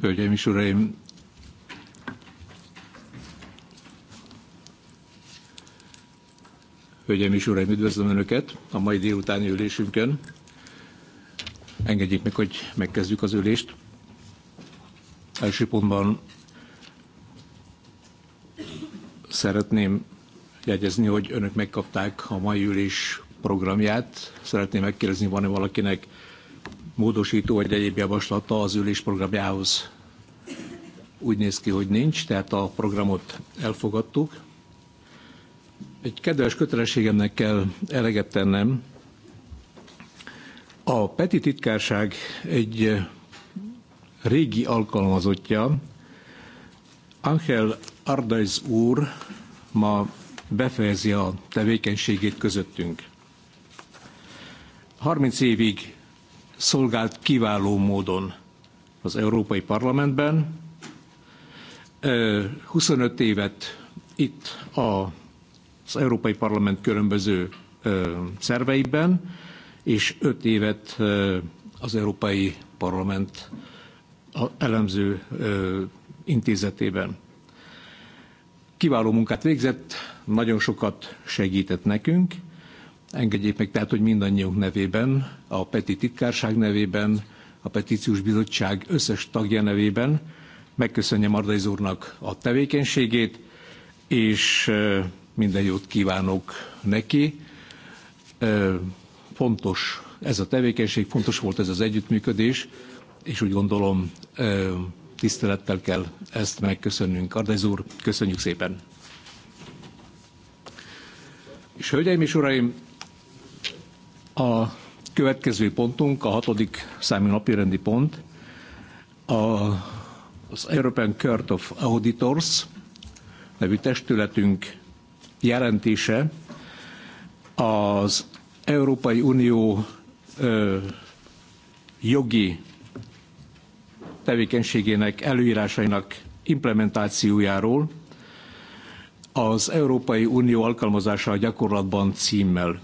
Hölgyeim és Uraim! Hölgyeim és Uraim, üdvözlöm Önöket a mai délutáni ülésünkön. Engedjék meg, hogy megkezdjük az ülést. Első pontban szeretném jegyezni, hogy Önök megkapták a mai ülés programját. Szeretném megkérdezni, van-e valakinek módosító vagy egyéb javaslata az ülés programjához úgy néz ki, hogy nincs, tehát a programot elfogadtuk. Egy kedves kötelességemnek kell eleget tennem. A Peti titkárság egy régi alkalmazottja, Angel Ardaiz úr ma befejezi a tevékenységét közöttünk. 30 évig szolgált kiváló módon az Európai Parlamentben. 25 évet itt az Európai Parlament különböző szerveiben, és 5 évet az Európai Parlament elemző intézetében. Kiváló munkát végzett, nagyon sokat segített nekünk, Engedjék meg tehát, hogy mindannyiunk nevében, a Peti titkárság nevében, a Petíciós Bizottság összes tagja nevében megköszönjem Ardai úrnak a tevékenységét, és minden jót kívánok neki. Fontos ez a tevékenység, fontos volt ez az együttműködés, és úgy gondolom tisztelettel kell ezt megköszönnünk. Ardai úr, köszönjük szépen! És hölgyeim és uraim, a következő pontunk, a hatodik számú napirendi pont, a, az European Court of Auditors nevű testületünk jelentése az Európai Unió ö, jogi tevékenységének előírásainak implementációjáról az Európai Unió alkalmazása a gyakorlatban címmel.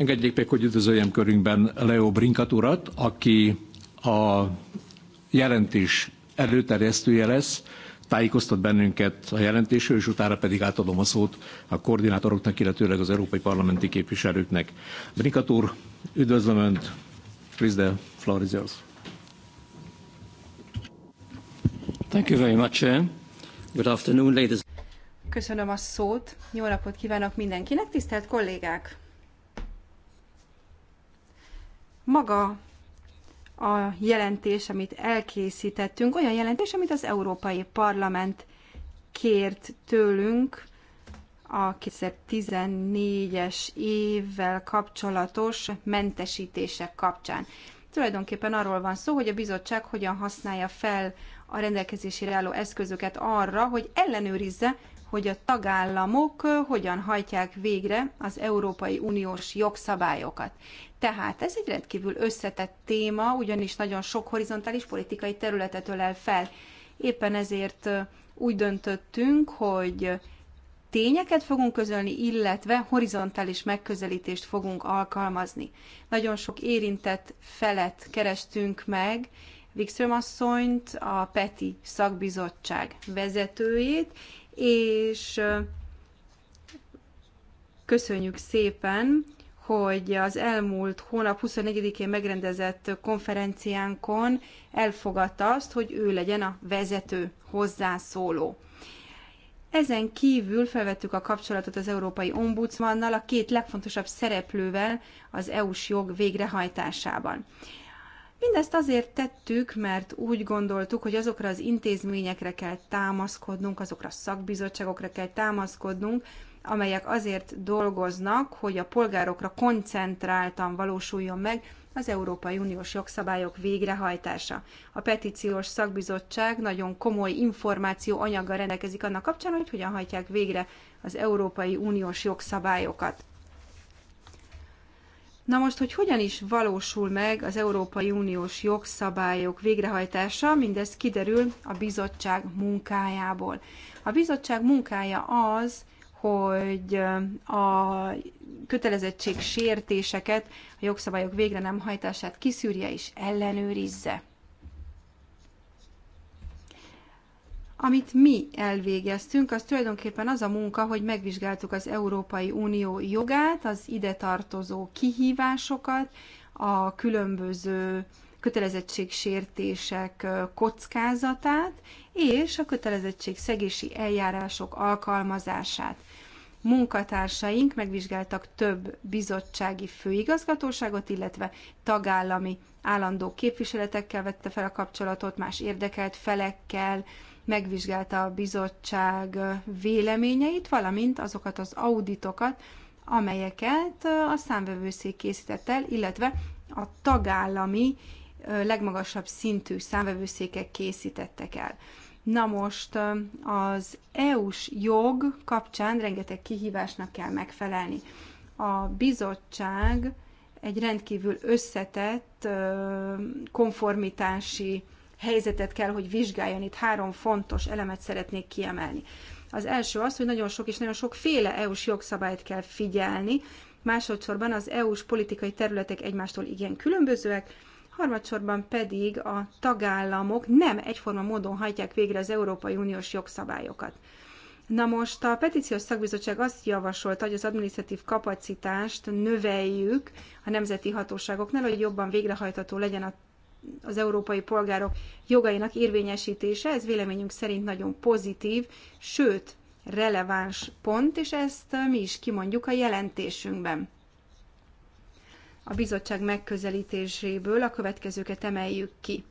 Engedjék meg, hogy üdvözöljem körünkben Leo Brinkat urat, aki a jelentés előterjesztője lesz, tájékoztat bennünket a jelentésről, és utána pedig átadom a szót a koordinátoroknak, illetőleg az európai parlamenti képviselőknek. Brinkat úr, üdvözlöm Önt! Please, the floor is yours. Thank you very much, Good afternoon, ladies. Köszönöm a szót. Jó napot kívánok mindenkinek, tisztelt kollégák! Maga a jelentés, amit elkészítettünk, olyan jelentés, amit az Európai Parlament kért tőlünk a 2014-es évvel kapcsolatos mentesítések kapcsán. Tulajdonképpen arról van szó, hogy a bizottság hogyan használja fel a rendelkezésére álló eszközöket arra, hogy ellenőrizze, hogy a tagállamok hogyan hajtják végre az Európai Uniós jogszabályokat. Tehát ez egy rendkívül összetett téma, ugyanis nagyon sok horizontális politikai területet ölel fel. Éppen ezért úgy döntöttünk, hogy tényeket fogunk közölni, illetve horizontális megközelítést fogunk alkalmazni. Nagyon sok érintett felet kerestünk meg, Wikström asszonyt, a PETI szakbizottság vezetőjét, és köszönjük szépen, hogy az elmúlt hónap 24-én megrendezett konferenciánkon elfogadta azt, hogy ő legyen a vezető hozzászóló. Ezen kívül felvettük a kapcsolatot az Európai Ombudsmannal, a két legfontosabb szereplővel az EU-s jog végrehajtásában. Mindezt azért tettük, mert úgy gondoltuk, hogy azokra az intézményekre kell támaszkodnunk, azokra a szakbizottságokra kell támaszkodnunk, amelyek azért dolgoznak, hogy a polgárokra koncentráltan valósuljon meg az Európai Uniós jogszabályok végrehajtása. A petíciós szakbizottság nagyon komoly információ anyaggal rendelkezik annak kapcsán, hogy hogyan hajtják végre az Európai Uniós jogszabályokat. Na most, hogy hogyan is valósul meg az Európai Uniós jogszabályok végrehajtása, mindez kiderül a bizottság munkájából. A bizottság munkája az, hogy a kötelezettség sértéseket, a jogszabályok végre nem hajtását kiszűrje és ellenőrizze. Amit mi elvégeztünk, az tulajdonképpen az a munka, hogy megvizsgáltuk az Európai Unió jogát, az ide tartozó kihívásokat, a különböző kötelezettségsértések kockázatát és a kötelezettségszegési eljárások alkalmazását. Munkatársaink megvizsgáltak több bizottsági főigazgatóságot, illetve tagállami állandó képviseletekkel vette fel a kapcsolatot, más érdekelt felekkel, megvizsgálta a bizottság véleményeit, valamint azokat az auditokat, amelyeket a számvevőszék készített el, illetve a tagállami legmagasabb szintű számvevőszékek készítettek el. Na most az EU-s jog kapcsán rengeteg kihívásnak kell megfelelni. A bizottság egy rendkívül összetett konformitási helyzetet kell, hogy vizsgáljon. Itt három fontos elemet szeretnék kiemelni. Az első az, hogy nagyon sok és nagyon sokféle EU-s jogszabályt kell figyelni, másodszorban az EU-s politikai területek egymástól igen különbözőek, harmadsorban pedig a tagállamok nem egyforma módon hajtják végre az Európai Uniós jogszabályokat. Na most a petíciós szakbizottság azt javasolta, hogy az administratív kapacitást növeljük a nemzeti hatóságoknál, hogy jobban végrehajtható legyen a az európai polgárok jogainak érvényesítése, ez véleményünk szerint nagyon pozitív, sőt, releváns pont, és ezt uh, mi is kimondjuk a jelentésünkben. A bizottság megközelítéséből a következőket emeljük ki.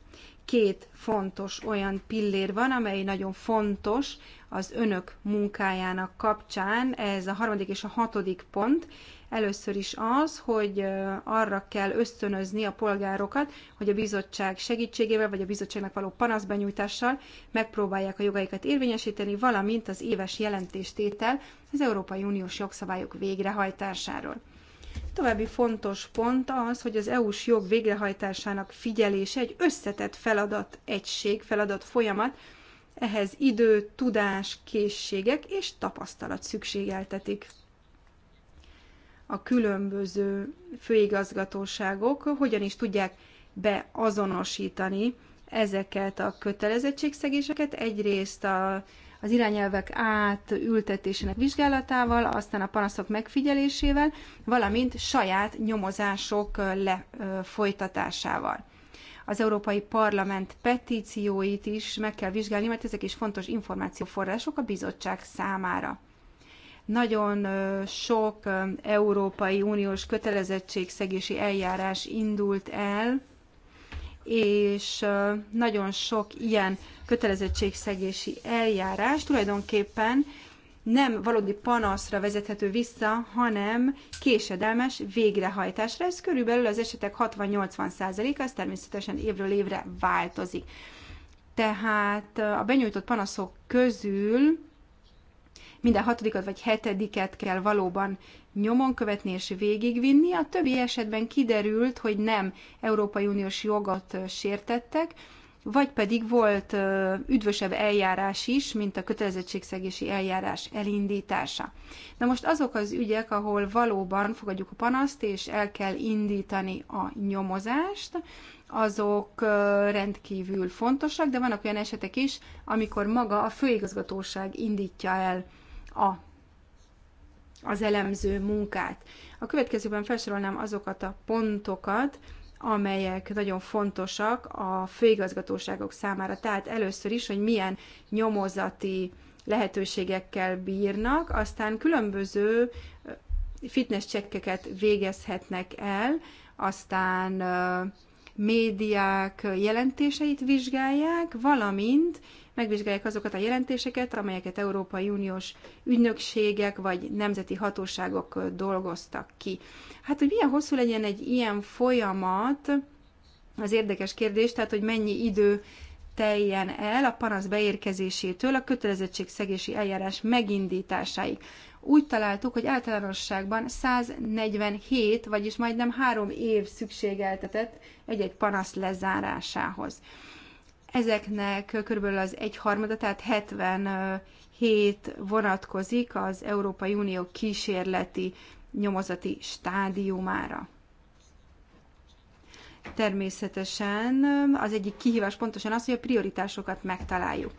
Két fontos olyan pillér van, amely nagyon fontos az önök munkájának kapcsán. Ez a harmadik és a hatodik pont, Először is az, hogy arra kell ösztönözni a polgárokat, hogy a bizottság segítségével, vagy a bizottságnak való panaszbenyújtással megpróbálják a jogaikat érvényesíteni, valamint az éves jelentéstétel az Európai Uniós jogszabályok végrehajtásáról. További fontos pont az, hogy az EU-s jog végrehajtásának figyelése egy összetett feladat egység, feladat folyamat, ehhez idő, tudás, készségek és tapasztalat szükségeltetik a különböző főigazgatóságok hogyan is tudják beazonosítani ezeket a kötelezettségszegéseket, egyrészt a, az irányelvek átültetésének vizsgálatával, aztán a panaszok megfigyelésével, valamint saját nyomozások lefolytatásával. Az Európai Parlament petícióit is meg kell vizsgálni, mert ezek is fontos információforrások a bizottság számára. Nagyon sok Európai Uniós kötelezettségszegési eljárás indult el, és nagyon sok ilyen kötelezettségszegési eljárás tulajdonképpen nem valódi panaszra vezethető vissza, hanem késedelmes végrehajtásra. Ez körülbelül az esetek 60-80%-a, ez természetesen évről évre változik. Tehát a benyújtott panaszok közül minden hatodikat vagy hetediket kell valóban nyomon követni és végigvinni. A többi esetben kiderült, hogy nem Európai Uniós jogot sértettek, vagy pedig volt üdvösebb eljárás is, mint a kötelezettségszegési eljárás elindítása. Na most azok az ügyek, ahol valóban fogadjuk a panaszt, és el kell indítani a nyomozást, azok rendkívül fontosak, de vannak olyan esetek is, amikor maga a főigazgatóság indítja el a, az elemző munkát. A következőben felsorolnám azokat a pontokat, amelyek nagyon fontosak a főigazgatóságok számára. Tehát először is, hogy milyen nyomozati lehetőségekkel bírnak, aztán különböző fitness csekkeket végezhetnek el, aztán médiák jelentéseit vizsgálják, valamint megvizsgálják azokat a jelentéseket, amelyeket Európai Uniós ügynökségek vagy nemzeti hatóságok dolgoztak ki. Hát, hogy milyen hosszú legyen egy ilyen folyamat, az érdekes kérdés, tehát, hogy mennyi idő teljen el a panasz beérkezésétől a kötelezettségszegési eljárás megindításáig úgy találtuk, hogy általánosságban 147, vagyis majdnem három év szükségeltetett egy-egy panasz lezárásához. Ezeknek körülbelül az egyharmada, tehát 77 vonatkozik az Európai Unió kísérleti nyomozati stádiumára. Természetesen az egyik kihívás pontosan az, hogy a prioritásokat megtaláljuk.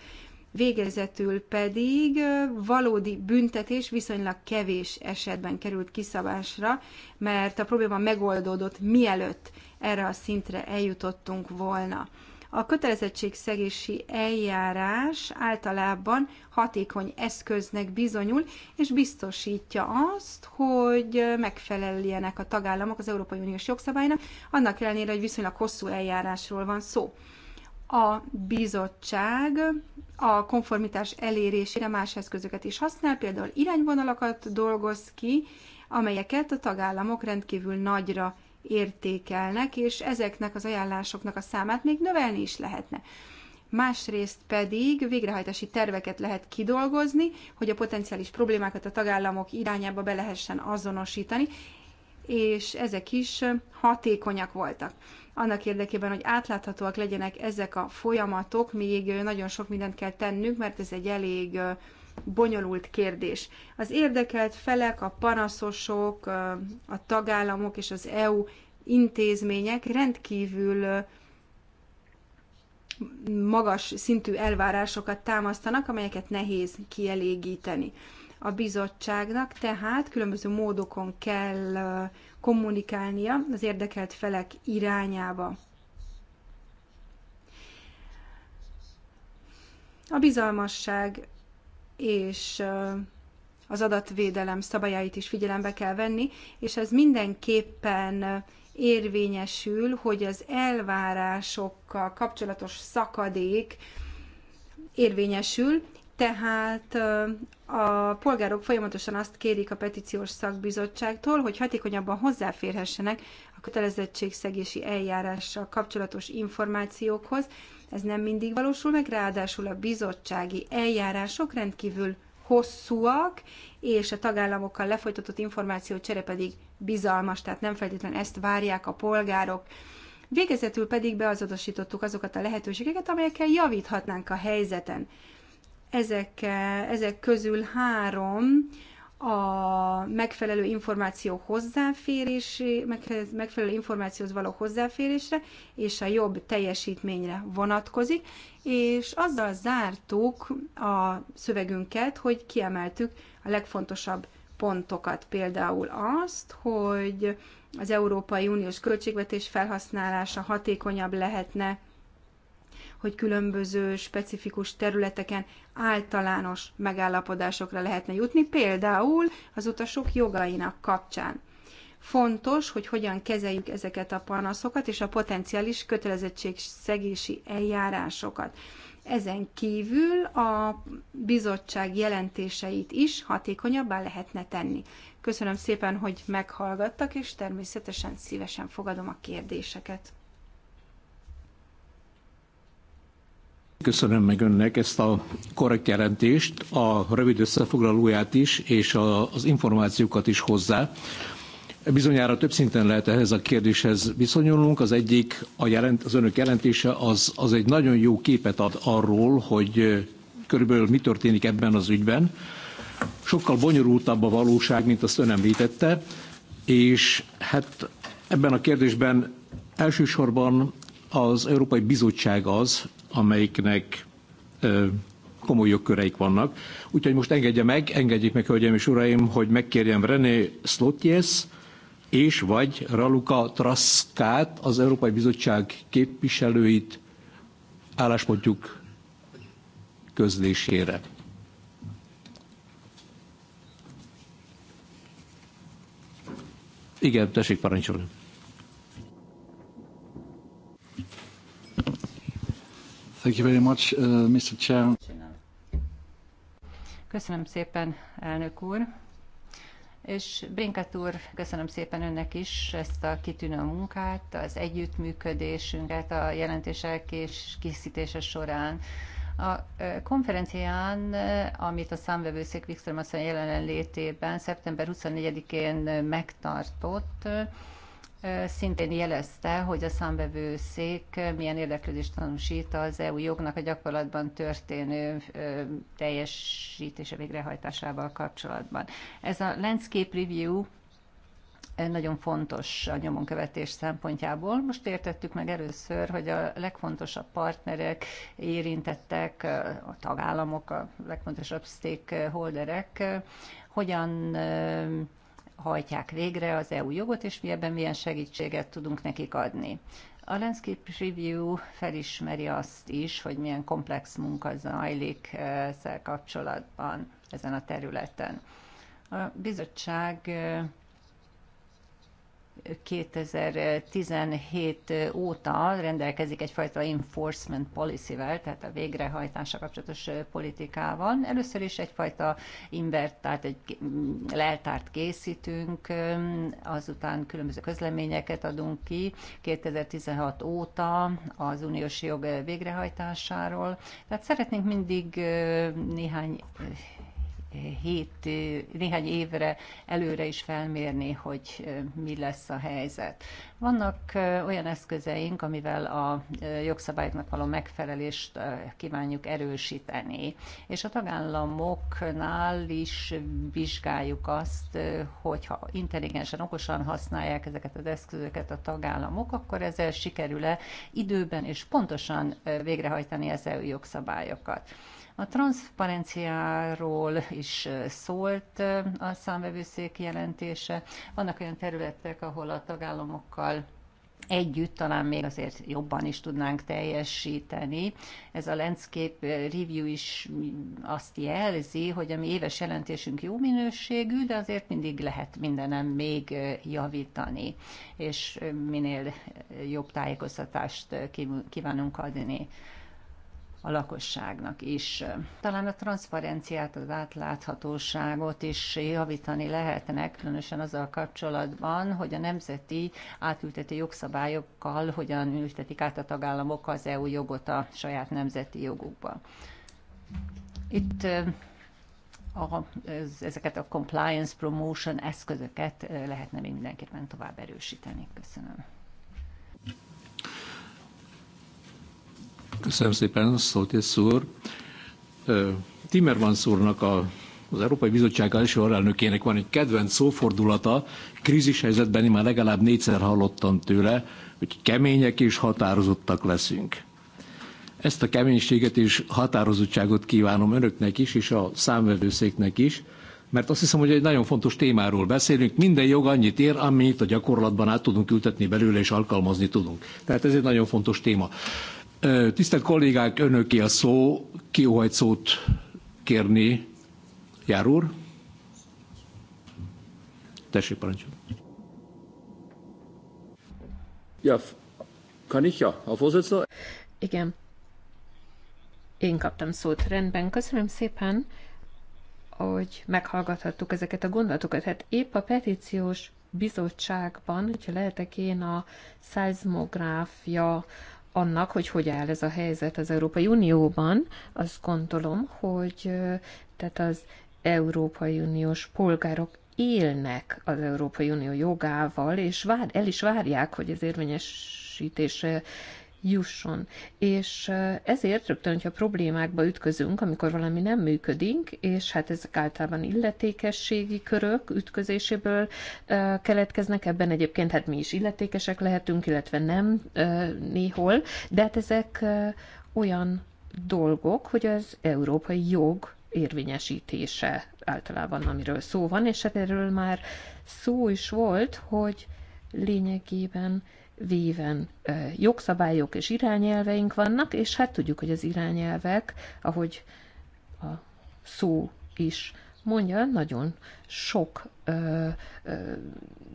Végezetül pedig valódi büntetés viszonylag kevés esetben került kiszabásra, mert a probléma megoldódott mielőtt erre a szintre eljutottunk volna. A kötelezettségszegési eljárás általában hatékony eszköznek bizonyul, és biztosítja azt, hogy megfeleljenek a tagállamok az Európai Uniós jogszabálynak, annak ellenére, hogy viszonylag hosszú eljárásról van szó. A bizottság a konformitás elérésére más eszközöket is használ, például irányvonalakat dolgoz ki, amelyeket a tagállamok rendkívül nagyra értékelnek, és ezeknek az ajánlásoknak a számát még növelni is lehetne. Másrészt pedig végrehajtási terveket lehet kidolgozni, hogy a potenciális problémákat a tagállamok irányába be lehessen azonosítani, és ezek is hatékonyak voltak. Annak érdekében, hogy átláthatóak legyenek ezek a folyamatok, még nagyon sok mindent kell tennünk, mert ez egy elég bonyolult kérdés. Az érdekelt felek, a panaszosok, a tagállamok és az EU intézmények rendkívül magas szintű elvárásokat támasztanak, amelyeket nehéz kielégíteni a bizottságnak, tehát különböző módokon kell kommunikálnia az érdekelt felek irányába. A bizalmasság és az adatvédelem szabályait is figyelembe kell venni, és ez mindenképpen érvényesül, hogy az elvárásokkal kapcsolatos szakadék érvényesül, tehát a polgárok folyamatosan azt kérik a petíciós szakbizottságtól, hogy hatékonyabban hozzáférhessenek a kötelezettségszegési eljárással kapcsolatos információkhoz. Ez nem mindig valósul meg, ráadásul a bizottsági eljárások rendkívül hosszúak, és a tagállamokkal lefolytatott csere pedig bizalmas, tehát nem feltétlenül ezt várják a polgárok. Végezetül pedig beazonosítottuk azokat a lehetőségeket, amelyekkel javíthatnánk a helyzeten. Ezek, ezek közül három a megfelelő információ hozzáférés, megfelelő információhoz való hozzáférésre és a jobb teljesítményre vonatkozik, és azzal zártuk a szövegünket, hogy kiemeltük a legfontosabb pontokat, például azt, hogy az Európai Uniós költségvetés felhasználása hatékonyabb lehetne, hogy különböző specifikus területeken általános megállapodásokra lehetne jutni, például az utasok jogainak kapcsán. Fontos, hogy hogyan kezeljük ezeket a panaszokat és a potenciális kötelezettségszegési eljárásokat. Ezen kívül a bizottság jelentéseit is hatékonyabbá lehetne tenni. Köszönöm szépen, hogy meghallgattak, és természetesen szívesen fogadom a kérdéseket. Köszönöm meg önnek ezt a korrekt jelentést, a rövid összefoglalóját is, és a, az információkat is hozzá. Bizonyára több szinten lehet ehhez a kérdéshez viszonyulnunk. Az egyik, a jelent, az önök jelentése az, az egy nagyon jó képet ad arról, hogy körülbelül mi történik ebben az ügyben. Sokkal bonyolultabb a valóság, mint azt ön említette, és hát ebben a kérdésben elsősorban az Európai Bizottság az, amelyiknek komoly jogköreik vannak. Úgyhogy most engedje meg, engedjék meg, hölgyeim és uraim, hogy megkérjem René Slotjes és vagy Raluca Traskát, az Európai Bizottság képviselőit álláspontjuk közlésére. Igen, tessék parancsolni. Thank you very much, uh, Mr. Chair. Köszönöm szépen, elnök úr. És Brinkat úr, köszönöm szépen önnek is ezt a kitűnő munkát, az együttműködésünket a jelentések és készítése során. A konferencián, amit a számvevőszék Wikström asszony jelenlétében szeptember 24-én megtartott, szintén jelezte, hogy a számbevőszék milyen érdeklődést tanúsít az EU jognak a gyakorlatban történő teljesítése végrehajtásával kapcsolatban. Ez a Landscape Review nagyon fontos a nyomon követés szempontjából. Most értettük meg először, hogy a legfontosabb partnerek, érintettek, a tagállamok, a legfontosabb stakeholderek hogyan hajtják végre az EU jogot, és mi ebben milyen segítséget tudunk nekik adni. A Landscape Review felismeri azt is, hogy milyen komplex munka zajlik eh, ezzel kapcsolatban ezen a területen. A bizottság eh, 2017 óta rendelkezik egyfajta enforcement policy-vel, tehát a végrehajtása kapcsolatos politikával. Először is egyfajta invert, tehát egy leltárt készítünk, azután különböző közleményeket adunk ki 2016 óta az uniós jog végrehajtásáról. Tehát szeretnénk mindig néhány hét, néhány évre előre is felmérni, hogy mi lesz a helyzet. Vannak olyan eszközeink, amivel a jogszabályoknak való megfelelést kívánjuk erősíteni, és a tagállamoknál is vizsgáljuk azt, hogyha intelligensen, okosan használják ezeket az eszközöket a tagállamok, akkor ezzel sikerül-e időben és pontosan végrehajtani az EU jogszabályokat. A transzparenciáról is szólt a számvevőszék jelentése. Vannak olyan területek, ahol a tagállamokkal együtt talán még azért jobban is tudnánk teljesíteni. Ez a Landscape Review is azt jelzi, hogy a mi éves jelentésünk jó minőségű, de azért mindig lehet mindenem még javítani, és minél jobb tájékoztatást kívánunk adni a lakosságnak is. Talán a transzparenciát, az átláthatóságot is javítani lehetnek, különösen azzal kapcsolatban, hogy a nemzeti átülteti jogszabályokkal hogyan ültetik át a tagállamok az EU jogot a saját nemzeti jogukba. Itt a, ezeket a compliance promotion eszközöket lehetne még mindenképpen tovább erősíteni. Köszönöm. Köszönöm szépen, Szoltész úr. Timmermans úrnak a, az Európai Bizottság első alelnökének van egy kedvenc szófordulata, krízishelyzetben én már legalább négyszer hallottam tőle, hogy kemények és határozottak leszünk. Ezt a keménységet és határozottságot kívánom önöknek is, és a számvevőszéknek is, mert azt hiszem, hogy egy nagyon fontos témáról beszélünk. Minden jog annyit ér, amennyit a gyakorlatban át tudunk ültetni belőle, és alkalmazni tudunk. Tehát ez egy nagyon fontos téma. Tisztelt kollégák, önöké a szó. Ki szót kérni? Jár úr? Tessék, parancsoljon. Ja, kann ich ja, Herr Igen. Én kaptam szót. Rendben, köszönöm szépen, hogy meghallgathattuk ezeket a gondolatokat. Hát épp a petíciós bizottságban, hogyha lehetek én a szeizmográfia annak, hogy hogy áll ez a helyzet az Európai Unióban, azt gondolom, hogy tehát az Európai Uniós polgárok élnek az Európai Unió jogával, és vár, el is várják, hogy az érvényesítése jusson. És ezért rögtön, hogyha problémákba ütközünk, amikor valami nem működik, és hát ezek általában illetékességi körök ütközéséből keletkeznek, ebben egyébként hát mi is illetékesek lehetünk, illetve nem néhol, de hát ezek olyan dolgok, hogy az európai jog érvényesítése általában, amiről szó van, és hát erről már szó is volt, hogy lényegében véven jogszabályok és irányelveink vannak, és hát tudjuk, hogy az irányelvek, ahogy a szó is mondja, nagyon sok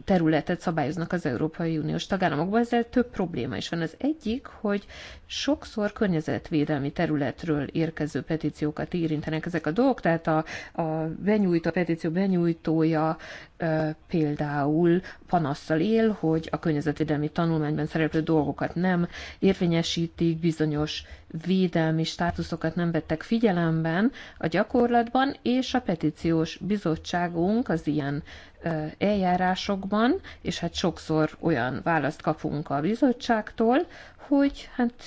területet szabályoznak az Európai Uniós tagállamokban, ezzel több probléma is van. Az egyik, hogy sokszor környezetvédelmi területről érkező petíciókat érintenek ezek a dolgok, tehát a, a benyújtó, a petíció benyújtója e, például panasszal él, hogy a környezetvédelmi tanulmányban szereplő dolgokat nem érvényesítik, bizonyos védelmi státuszokat nem vettek figyelemben a gyakorlatban, és a petíciós bizottságunk az ilyen eljárásokban, és hát sokszor olyan választ kapunk a bizottságtól, hogy hát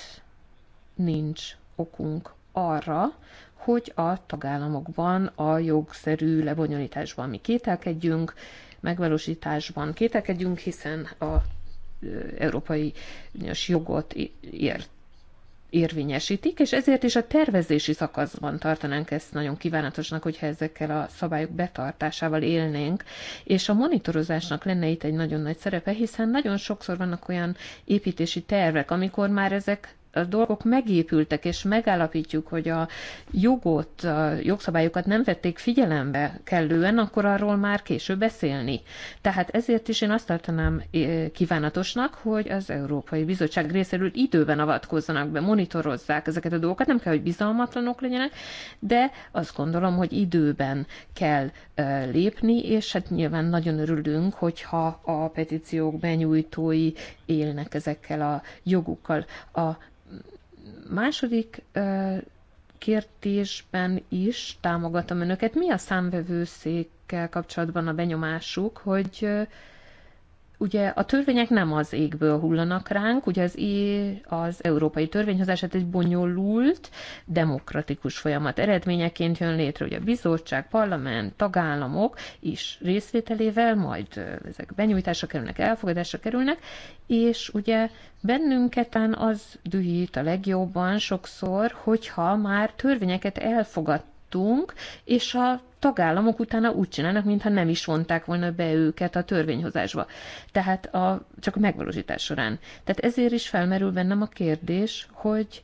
nincs okunk arra, hogy a tagállamokban a jogszerű lebonyolításban mi kételkedjünk, megvalósításban kételkedjünk, hiszen a európai jogot ért érvényesítik, és ezért is a tervezési szakaszban tartanánk ezt nagyon kívánatosnak, hogyha ezekkel a szabályok betartásával élnénk, és a monitorozásnak lenne itt egy nagyon nagy szerepe, hiszen nagyon sokszor vannak olyan építési tervek, amikor már ezek a dolgok megépültek, és megállapítjuk, hogy a jogot, a jogszabályokat nem vették figyelembe kellően, akkor arról már később beszélni. Tehát ezért is én azt tartanám eh, kívánatosnak, hogy az Európai Bizottság részéről időben avatkozzanak be, monitorozzák ezeket a dolgokat, nem kell, hogy bizalmatlanok legyenek, de azt gondolom, hogy időben kell eh, lépni, és hát nyilván nagyon örülünk, hogyha a petíciók benyújtói élnek ezekkel a jogukkal. A második kértésben is támogatom önöket. Mi a számvevőszékkel kapcsolatban a benyomásuk, hogy ugye a törvények nem az égből hullanak ránk, ugye az, az európai törvényhozás hát egy bonyolult, demokratikus folyamat eredményeként jön létre, hogy a bizottság, parlament, tagállamok is részvételével, majd ezek benyújtásra kerülnek, elfogadásra kerülnek, és ugye bennünketen az dühít a legjobban sokszor, hogyha már törvényeket elfogad láttunk, és a tagállamok utána úgy csinálnak, mintha nem is vonták volna be őket a törvényhozásba. Tehát a, csak a megvalósítás során. Tehát ezért is felmerül bennem a kérdés, hogy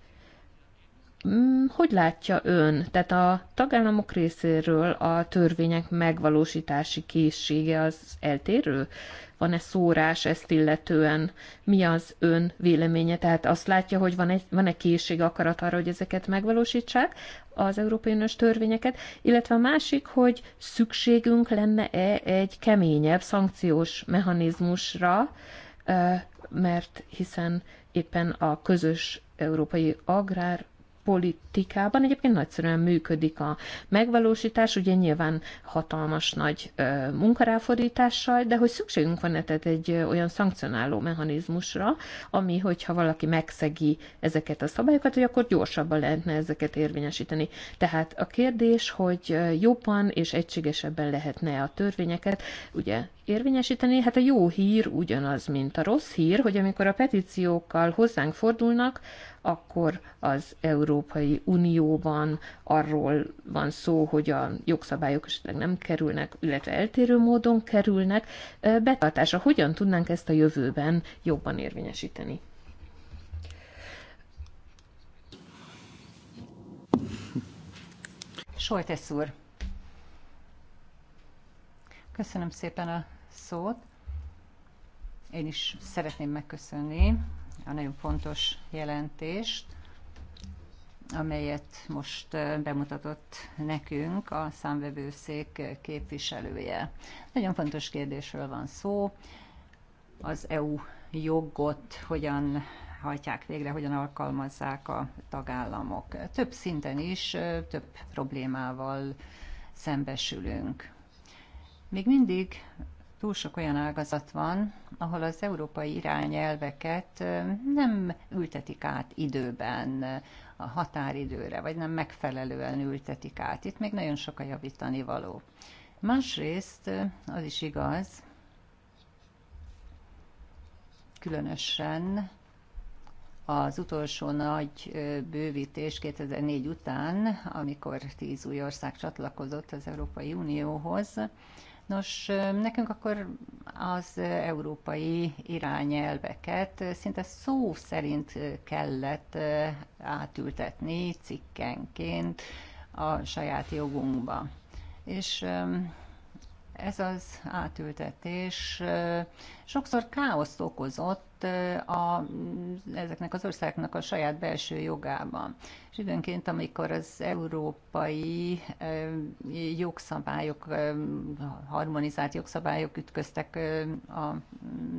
Mm, hogy látja ön, tehát a tagállamok részéről a törvények megvalósítási készsége az eltérő? Van-e szórás ezt illetően? Mi az ön véleménye? Tehát azt látja, hogy van-e, van-e készség akarat arra, hogy ezeket megvalósítsák, az Európai Uniós törvényeket, illetve a másik, hogy szükségünk lenne-e egy keményebb szankciós mechanizmusra, mert hiszen éppen a közös európai agrár politikában egyébként nagyszerűen működik a megvalósítás, ugye nyilván hatalmas nagy munkaráfordítással, de hogy szükségünk van-e tehát egy olyan szankcionáló mechanizmusra, ami, hogyha valaki megszegi ezeket a szabályokat, hogy akkor gyorsabban lehetne ezeket érvényesíteni. Tehát a kérdés, hogy jobban és egységesebben lehetne a törvényeket, ugye érvényesíteni. Hát a jó hír ugyanaz, mint a rossz hír, hogy amikor a petíciókkal hozzánk fordulnak, akkor az Európai Unióban arról van szó, hogy a jogszabályok esetleg nem kerülnek, illetve eltérő módon kerülnek betartása, Hogyan tudnánk ezt a jövőben jobban érvényesíteni? Soltesz úr! Köszönöm szépen a szót. Én is szeretném megköszönni a nagyon fontos jelentést, amelyet most bemutatott nekünk a számvevőszék képviselője. Nagyon fontos kérdésről van szó. Az EU jogot hogyan hajtják végre, hogyan alkalmazzák a tagállamok. Több szinten is több problémával szembesülünk. Még mindig túl sok olyan ágazat van, ahol az európai irányelveket nem ültetik át időben, a határidőre, vagy nem megfelelően ültetik át. Itt még nagyon sok a javítani való. Másrészt az is igaz, különösen az utolsó nagy bővítés 2004 után, amikor tíz új ország csatlakozott az Európai Unióhoz, Nos, nekünk akkor az európai irányelveket szinte szó szerint kellett átültetni cikkenként a saját jogunkba. És ez az átültetés sokszor káoszt okozott a, ezeknek az országnak a saját belső jogában. És időnként, amikor az európai jogszabályok, harmonizált jogszabályok ütköztek a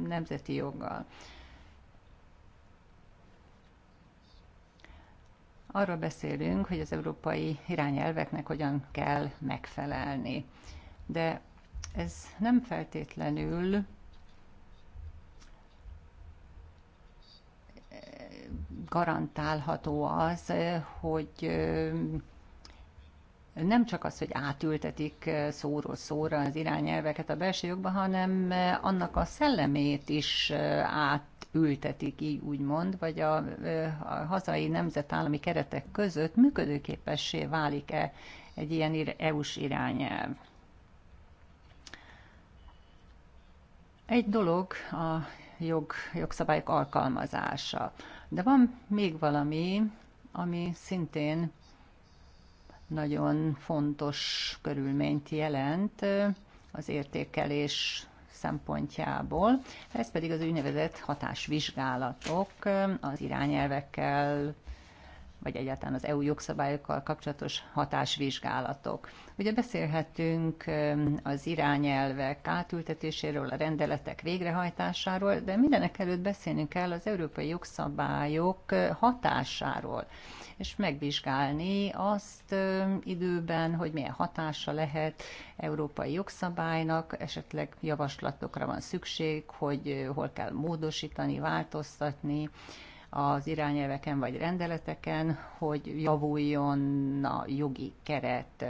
nemzeti joggal. Arról beszélünk, hogy az európai irányelveknek hogyan kell megfelelni. De ez nem feltétlenül eh, garantálható az, eh, hogy eh, nem csak az, hogy átültetik szóról szóra az irányelveket a belső jogba, hanem annak a szellemét is átültetik, így úgymond, vagy a, a hazai nemzetállami keretek között működőképessé válik-e egy ilyen EU-s irányelv. Egy dolog a jog, jogszabályok alkalmazása, de van még valami, ami szintén nagyon fontos körülményt jelent az értékelés szempontjából, ez pedig az úgynevezett hatásvizsgálatok az irányelvekkel, vagy egyáltalán az EU jogszabályokkal kapcsolatos hatásvizsgálatok. Ugye beszélhetünk az irányelvek átültetéséről, a rendeletek végrehajtásáról, de mindenek előtt beszélnünk kell az európai jogszabályok hatásáról, és megvizsgálni azt időben, hogy milyen hatása lehet európai jogszabálynak, esetleg javaslatokra van szükség, hogy hol kell módosítani, változtatni, az irányelveken vagy rendeleteken, hogy javuljon a jogi keret,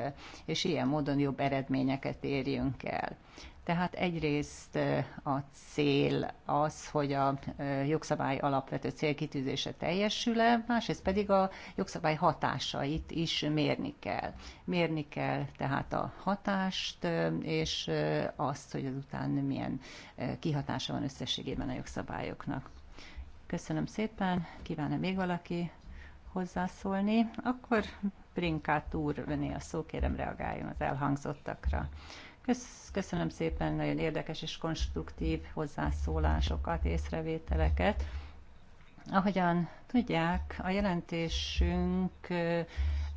és ilyen módon jobb eredményeket érjünk el. Tehát egyrészt a cél az, hogy a jogszabály alapvető célkitűzése teljesül-e, másrészt pedig a jogszabály hatásait is mérni kell. Mérni kell tehát a hatást, és azt, hogy azután milyen kihatása van összességében a jogszabályoknak. Köszönöm szépen, kívánom még valaki hozzászólni. Akkor Brinkát úr venné a szó, kérem reagáljon az elhangzottakra. Köszönöm szépen nagyon érdekes és konstruktív hozzászólásokat, észrevételeket. Ahogyan tudják, a jelentésünk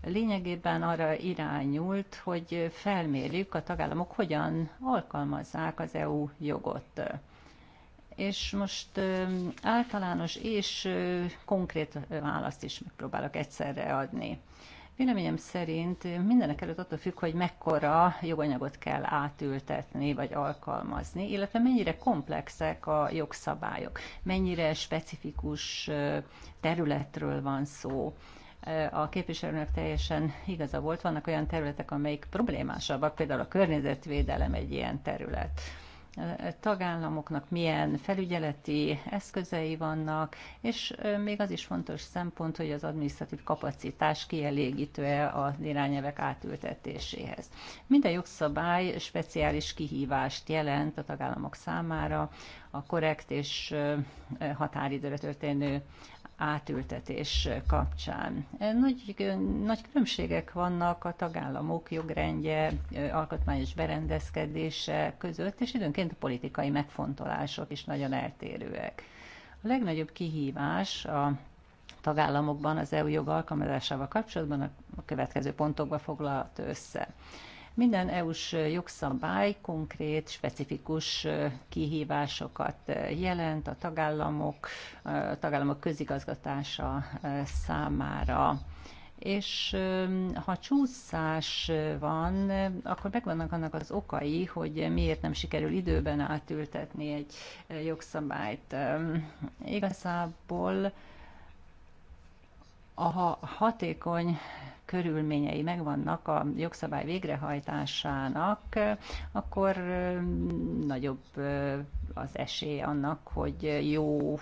lényegében arra irányult, hogy felmérjük a tagállamok hogyan alkalmazzák az EU jogot és most általános és konkrét választ is megpróbálok egyszerre adni. Véleményem szerint mindenek előtt attól függ, hogy mekkora joganyagot kell átültetni vagy alkalmazni, illetve mennyire komplexek a jogszabályok, mennyire specifikus területről van szó. A képviselőnek teljesen igaza volt, vannak olyan területek, amelyik problémásabbak, például a környezetvédelem egy ilyen terület tagállamoknak milyen felügyeleti eszközei vannak, és még az is fontos szempont, hogy az adminisztratív kapacitás kielégítő-e az irányelvek átültetéséhez. Minden jogszabály speciális kihívást jelent a tagállamok számára, a korrekt és határidőre történő átültetés kapcsán. Nagy, nagy különbségek vannak a tagállamok jogrendje, alkotmányos berendezkedése között, és időnként a politikai megfontolások is nagyon eltérőek. A legnagyobb kihívás a tagállamokban az EU jog alkalmazásával kapcsolatban a következő pontokba foglalt össze. Minden EU-s jogszabály konkrét, specifikus kihívásokat jelent a tagállamok, a tagállamok közigazgatása számára és ha csúszás van, akkor megvannak annak az okai, hogy miért nem sikerül időben átültetni egy jogszabályt. Igazából ha hatékony körülményei megvannak a jogszabály végrehajtásának, akkor nagyobb az esély annak, hogy jó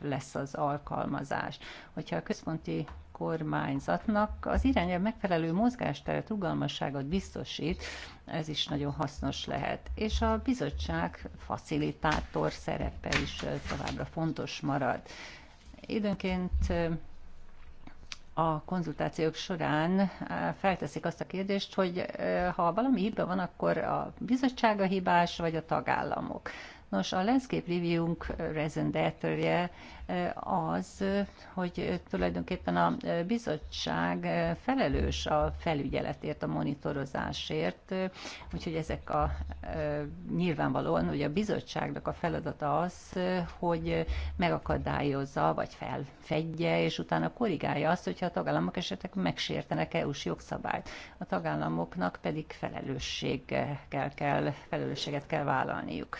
lesz az alkalmazás. Hogyha a központi kormányzatnak az irányel megfelelő mozgásteret, rugalmasságot biztosít, ez is nagyon hasznos lehet. És a bizottság facilitátor szerepe is továbbra fontos marad. Időnként a konzultációk során eh, felteszik azt a kérdést, hogy eh, ha valami hiba van, akkor a bizottsága a hibás, vagy a tagállamok. Nos, a landscape Review-unk rezendátorja az, hogy tulajdonképpen a bizottság felelős a felügyeletért, a monitorozásért, úgyhogy ezek a nyilvánvalóan, hogy a bizottságnak a feladata az, hogy megakadályozza, vagy felfedje, és utána korrigálja azt, hogyha a tagállamok esetek megsértenek EU-s jogszabályt. A tagállamoknak pedig felelősséggel kell, felelősséget kell vállalniuk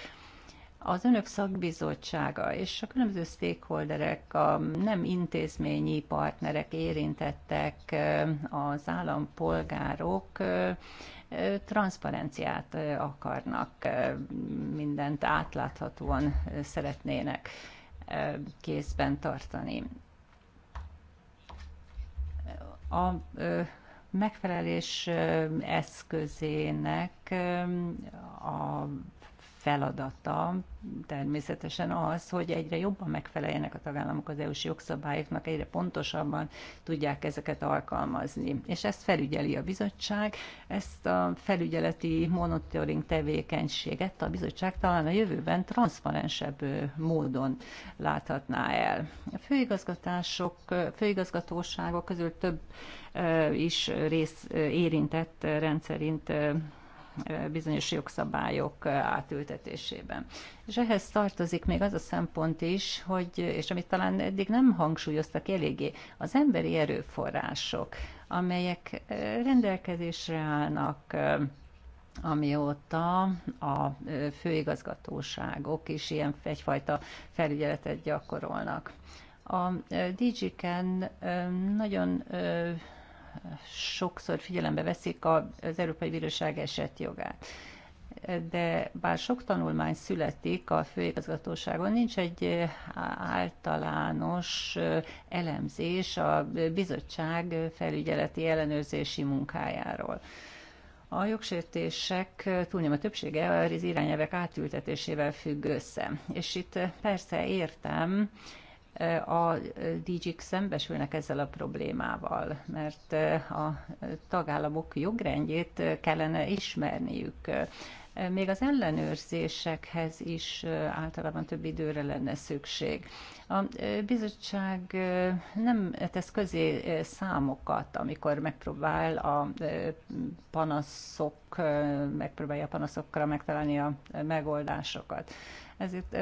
az önök szakbizottsága és a különböző stakeholderek, a nem intézményi partnerek érintettek, az állampolgárok transzparenciát akarnak, mindent átláthatóan szeretnének kézben tartani. A megfelelés eszközének a feladata természetesen az, hogy egyre jobban megfeleljenek a tagállamok az EU-s jogszabályoknak, egyre pontosabban tudják ezeket alkalmazni. És ezt felügyeli a bizottság, ezt a felügyeleti monitoring tevékenységet a bizottság talán a jövőben transzparensebb módon láthatná el. A főigazgatások, főigazgatóságok közül több is rész érintett rendszerint bizonyos jogszabályok átültetésében. És ehhez tartozik még az a szempont is, hogy, és amit talán eddig nem hangsúlyoztak eléggé, az emberi erőforrások, amelyek rendelkezésre állnak, amióta a főigazgatóságok is ilyen egyfajta felügyeletet gyakorolnak. A DigiCan nagyon sokszor figyelembe veszik az Európai Bíróság jogát, De bár sok tanulmány születik a főigazgatóságon, nincs egy általános elemzés a bizottság felügyeleti ellenőrzési munkájáról. A jogsértések túlnyomó többsége az irányelvek átültetésével függ össze. És itt persze értem, a DG-k szembesülnek ezzel a problémával, mert eh, a tagállamok jogrendjét eh, kellene ismerniük. Eh, még az ellenőrzésekhez is általában több időre lenne szükség. A bizottság nem tesz közé számokat, amikor megpróbál a panaszok, megpróbálja a panaszokra megtalálni a megoldásokat ezért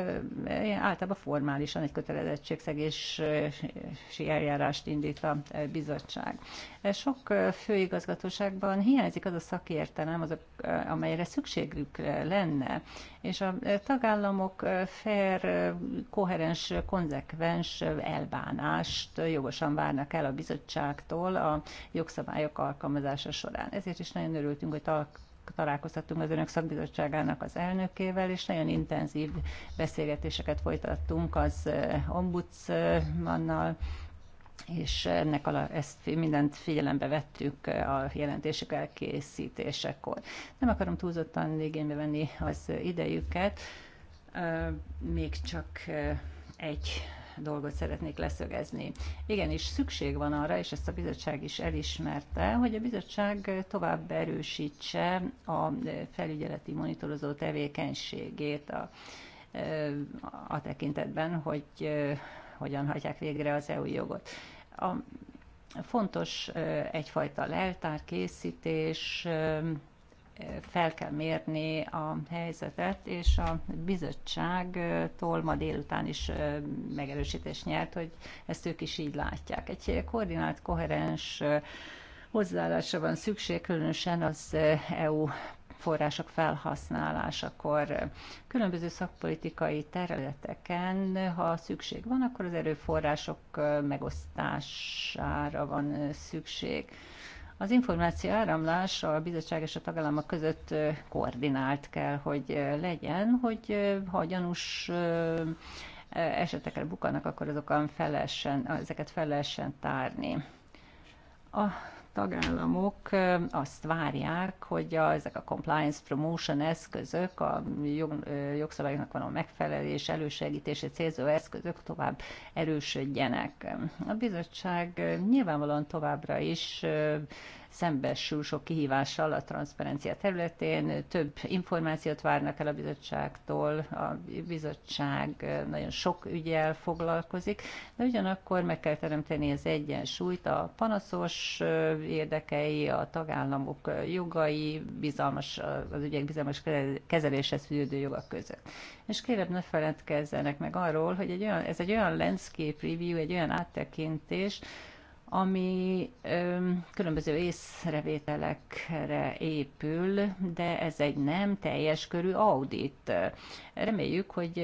általában formálisan egy kötelezettségszegési eljárást indít a bizottság. Sok főigazgatóságban hiányzik az a szakértelem, az, a, amelyre szükségük lenne, és a tagállamok fair, koherens, konzekvens elbánást jogosan várnak el a bizottságtól a jogszabályok alkalmazása során. Ezért is nagyon örültünk, hogy találkoztattunk az önök szakbizottságának az elnökével, és nagyon intenzív beszélgetéseket folytattunk az eh, ombudsmannal, és ennek ala, ezt mindent figyelembe vettük eh, a jelentések elkészítésekor. Nem akarom túlzottan igénybe venni az idejüket, eh, még csak egy dolgot szeretnék leszögezni. Igenis szükség van arra, és ezt a bizottság is elismerte, hogy a bizottság tovább erősítse a felügyeleti monitorozó tevékenységét a, a tekintetben, hogy hogyan hagyják végre az EU jogot. A, fontos egyfajta leltárkészítés, fel kell mérni a helyzetet, és a bizottságtól ma délután is megerősítés nyert, hogy ezt ők is így látják. Egy koordinált, koherens hozzáállásra van szükség, különösen az EU források felhasználásakor különböző szakpolitikai területeken, ha szükség van, akkor az erőforrások megosztására van szükség. Az információ áramlás a bizottság és a tagállamok között koordinált kell, hogy legyen, hogy ha gyanús esetekre bukanak, akkor azokon fel lehessen, ezeket fel lehessen tárni. A tagállamok azt várják, hogy a, ezek a compliance promotion eszközök, a jog, jogszabályoknak a megfelelés, elősegítése célzó eszközök tovább erősödjenek. A bizottság nyilvánvalóan továbbra is szembesül sok kihívással a transzparencia területén. Több információt várnak el a bizottságtól, a bizottság nagyon sok ügyel foglalkozik, de ugyanakkor meg kell teremteni az egyensúlyt a panaszos érdekei, a tagállamok jogai, bizalmas, az ügyek bizalmas kezeléshez fűződő jogak között. És kérem, ne feledkezzenek meg arról, hogy egy olyan, ez egy olyan landscape review, egy olyan áttekintés, ami különböző észrevételekre épül, de ez egy nem teljes körű audit. Reméljük, hogy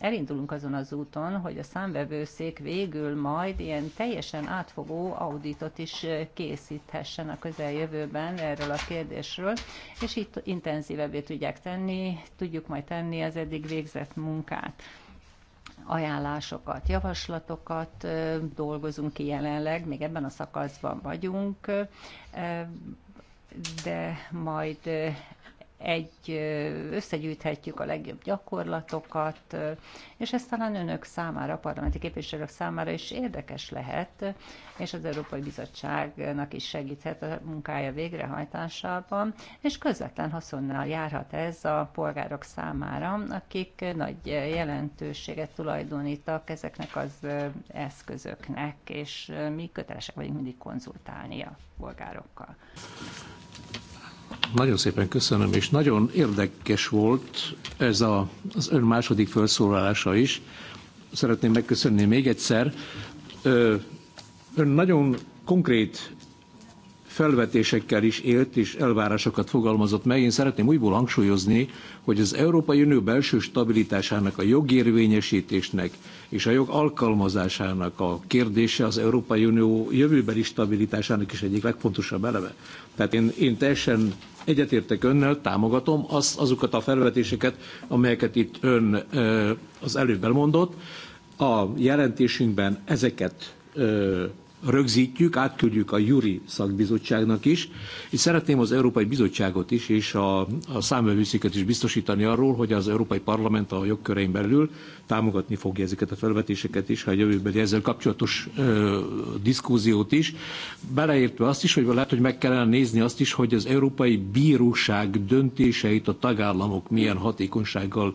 elindulunk azon az úton, hogy a számvevőszék végül majd ilyen teljesen átfogó auditot is készíthessen a közeljövőben erről a kérdésről, és itt intenzívebbé tudják tenni, tudjuk majd tenni az eddig végzett munkát ajánlásokat, javaslatokat dolgozunk ki jelenleg, még ebben a szakaszban vagyunk, de majd egy, összegyűjthetjük a legjobb gyakorlatokat, és ez talán önök számára, a parlamenti képviselők számára is érdekes lehet, és az Európai Bizottságnak is segíthet a munkája végrehajtásában, és közvetlen haszonnal járhat ez a polgárok számára, akik nagy jelentőséget tulajdonítak ezeknek az eszközöknek, és mi kötelesek vagyunk mindig konzultálni a polgárokkal. Nagyon szépen köszönöm, és nagyon érdekes volt ez a, az ön második felszólalása is. Szeretném megköszönni még egyszer. Ön nagyon konkrét felvetésekkel is élt és elvárásokat fogalmazott meg. Én szeretném újból hangsúlyozni, hogy az Európai Unió belső stabilitásának, a jogérvényesítésnek és a jog alkalmazásának a kérdése az Európai Unió jövőbeli stabilitásának is egyik legfontosabb eleme. Tehát én, én teljesen egyetértek önnel, támogatom az, azokat a felvetéseket, amelyeket itt ön az előbb elmondott. A jelentésünkben ezeket rögzítjük, átküldjük a Juri szakbizottságnak is, és szeretném az Európai Bizottságot is és a, a számövőszéket is biztosítani arról, hogy az Európai Parlament a jogkörein belül támogatni fogja ezeket a felvetéseket is, ha a jövőbeli ezzel kapcsolatos ö, diszkúziót is, beleértve azt is, hogy lehet, hogy meg kellene nézni azt is, hogy az Európai Bíróság döntéseit a tagállamok milyen hatékonysággal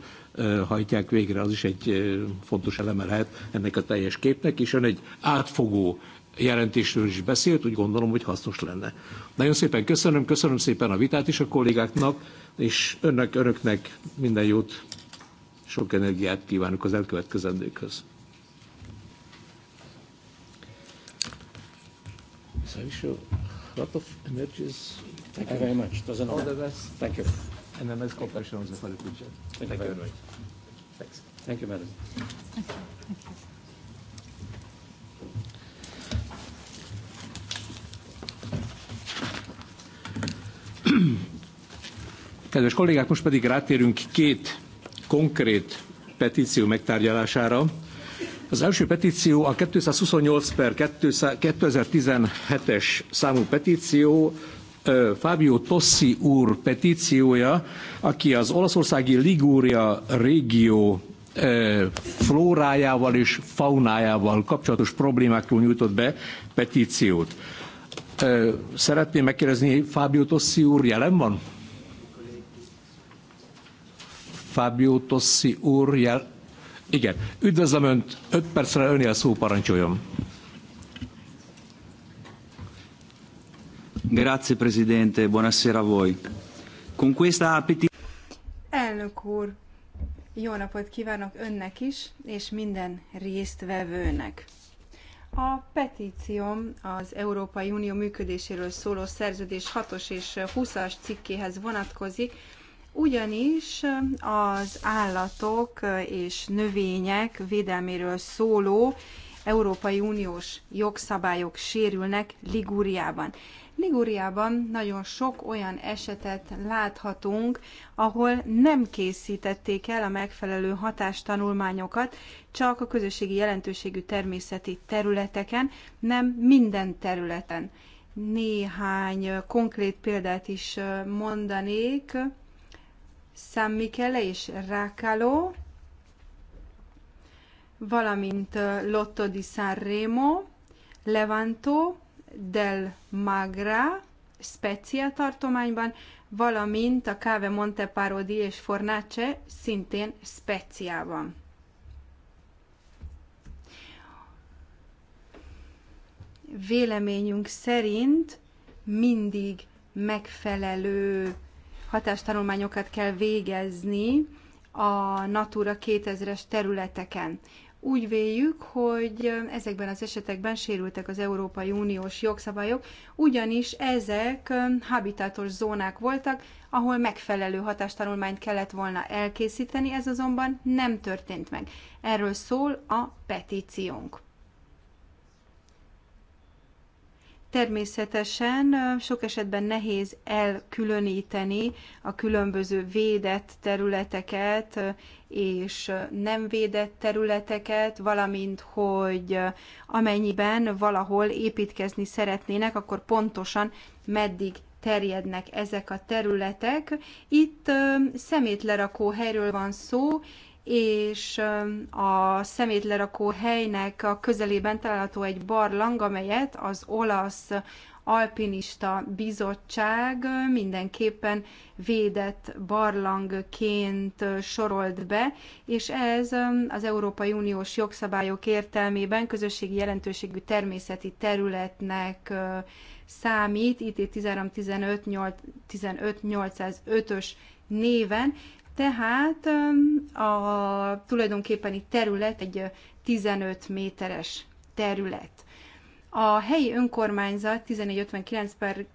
hajtják végre, az is egy fontos eleme lehet ennek a teljes képnek, és ön egy átfogó jelentésről is beszélt, úgy gondolom, hogy hasznos lenne. Nagyon szépen köszönöm, köszönöm szépen a vitát is a kollégáknak, és önnek, önöknek minden jót, sok energiát kívánok az elkövetkezendőkhöz. So a lot of energies. Thank you very much. All the best. Thank you. And a nice cooperation the future. Thank you very much. Thanks. Thank you, madam. Thank you. Kedves kollégák, most pedig rátérünk két konkrét petíció megtárgyalására. Az első petíció a 228 per 2017-es számú petíció, Fábio Tossi úr petíciója, aki az olaszországi Ligúria régió flórájával és faunájával kapcsolatos problémákról nyújtott be petíciót. Szeretném megkérdezni, Fábio Tossi úr jelen van? Fábio Tossi úr jel... Igen. Üdvözlöm Önt. Öt percre Önél szó parancsoljon. Grazie Presidente, buonasera a voi. Con questa appetit... Elnök úr, jó napot kívánok önnek is, és minden résztvevőnek. A petícióm az Európai Unió működéséről szóló szerződés 6-os és 20-as cikkéhez vonatkozik, ugyanis az állatok és növények védelméről szóló Európai Uniós jogszabályok sérülnek Ligúriában. Liguriában nagyon sok olyan esetet láthatunk, ahol nem készítették el a megfelelő hatástanulmányokat, csak a közösségi jelentőségű természeti területeken, nem minden területen. Néhány konkrét példát is mondanék. San Michele és Rákáló, valamint Lotto di Sanremo, Levanto, del Magra, specia tartományban, valamint a Cave Parodi és Fornace szintén Speciában. Véleményünk szerint mindig megfelelő hatástanulmányokat kell végezni a Natura 2000-es területeken. Úgy véljük, hogy ezekben az esetekben sérültek az Európai Uniós jogszabályok, ugyanis ezek um, habitatos zónák voltak, ahol megfelelő hatástanulmányt kellett volna elkészíteni, ez azonban nem történt meg. Erről szól a petíciónk. Természetesen sok esetben nehéz elkülöníteni a különböző védett területeket és nem védett területeket, valamint hogy amennyiben valahol építkezni szeretnének, akkor pontosan meddig terjednek ezek a területek. Itt szemétlerakó helyről van szó, és a szemétlerakó helynek a közelében található egy barlang, amelyet az olasz alpinista bizottság mindenképpen védett barlangként sorolt be, és ez az Európai Uniós jogszabályok értelmében közösségi jelentőségű természeti területnek számít, itt 13-15-805-ös néven, tehát a tulajdonképpen itt terület egy 15 méteres terület. A helyi önkormányzat 1459 per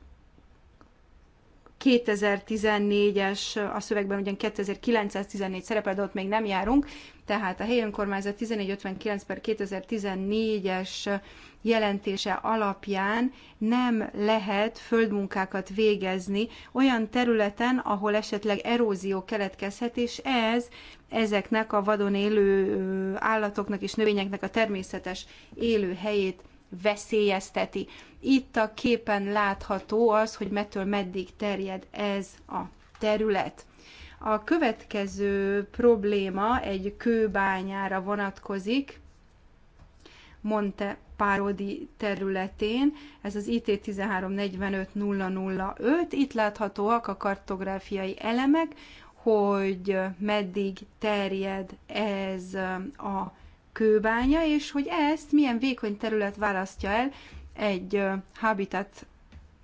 2014-es, a szövegben ugyan 2914 szerepel, de ott még nem járunk, tehát a helyi önkormányzat 1459 per 2014-es jelentése alapján nem lehet földmunkákat végezni olyan területen, ahol esetleg erózió keletkezhet, és ez ezeknek a vadon élő állatoknak és növényeknek a természetes élőhelyét veszélyezteti. Itt a képen látható az, hogy mettől meddig terjed ez a terület. A következő probléma egy kőbányára vonatkozik, Monte Parodi területén, ez az IT 1345005, itt láthatóak a kartográfiai elemek, hogy meddig terjed ez a kőbánya, és hogy ezt milyen vékony terület választja el egy habitat,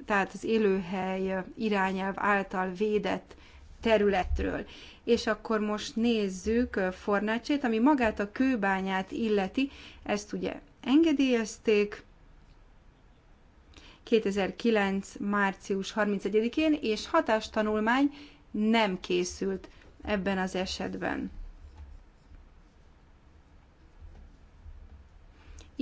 tehát az élőhely irányelv által védett területről. És akkor most nézzük Fornácsét, ami magát a kőbányát illeti, ezt ugye engedélyezték, 2009. március 31-én, és hatástanulmány nem készült ebben az esetben.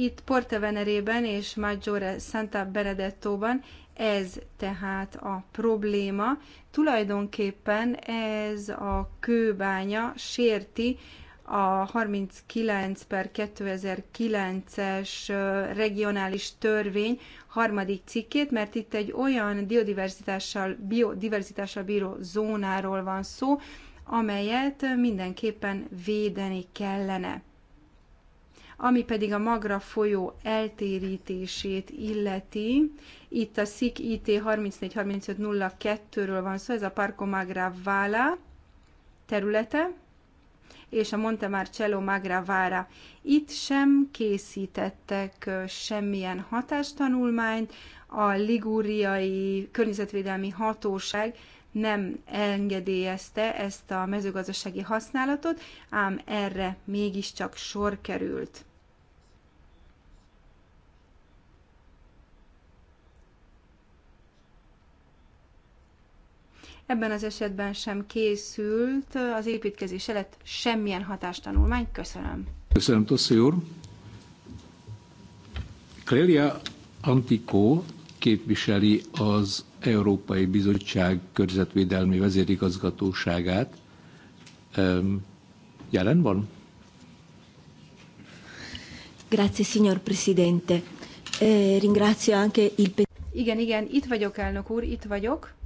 Itt Venerében és Maggiore Santa Benedettóban ez tehát a probléma. Tulajdonképpen ez a kőbánya sérti a 39 per 2009-es regionális törvény harmadik cikkét, mert itt egy olyan biodiverzitással, biodiverzitással bíró zónáról van szó, amelyet mindenképpen védeni kellene. Ami pedig a Magra folyó eltérítését illeti, itt a SIC IT 02 ről van szó, ez a Parco Magra Vala területe, és a Montemarcello Magra Vára. Itt sem készítettek semmilyen hatástanulmányt, a ligúriai környezetvédelmi hatóság nem engedélyezte ezt a mezőgazdasági használatot, ám erre mégiscsak sor került. Ebben az esetben sem készült az építkezés előtt semmilyen hatástanulmány. Köszönöm. Köszönöm, Tosszi úr. Clelia Antikó képviseli az Európai Bizottság Körzetvédelmi Vezérigazgatóságát. Jelen van? Grazie, signor Presidente. Eh, ringrazio anche il... Igen, igen, itt vagyok, elnök úr, itt vagyok.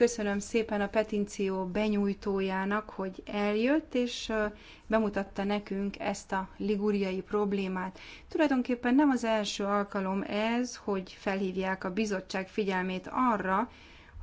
Köszönöm szépen a petíció benyújtójának, hogy eljött, és bemutatta nekünk ezt a liguriai problémát. Tulajdonképpen nem az első alkalom ez, hogy felhívják a bizottság figyelmét arra,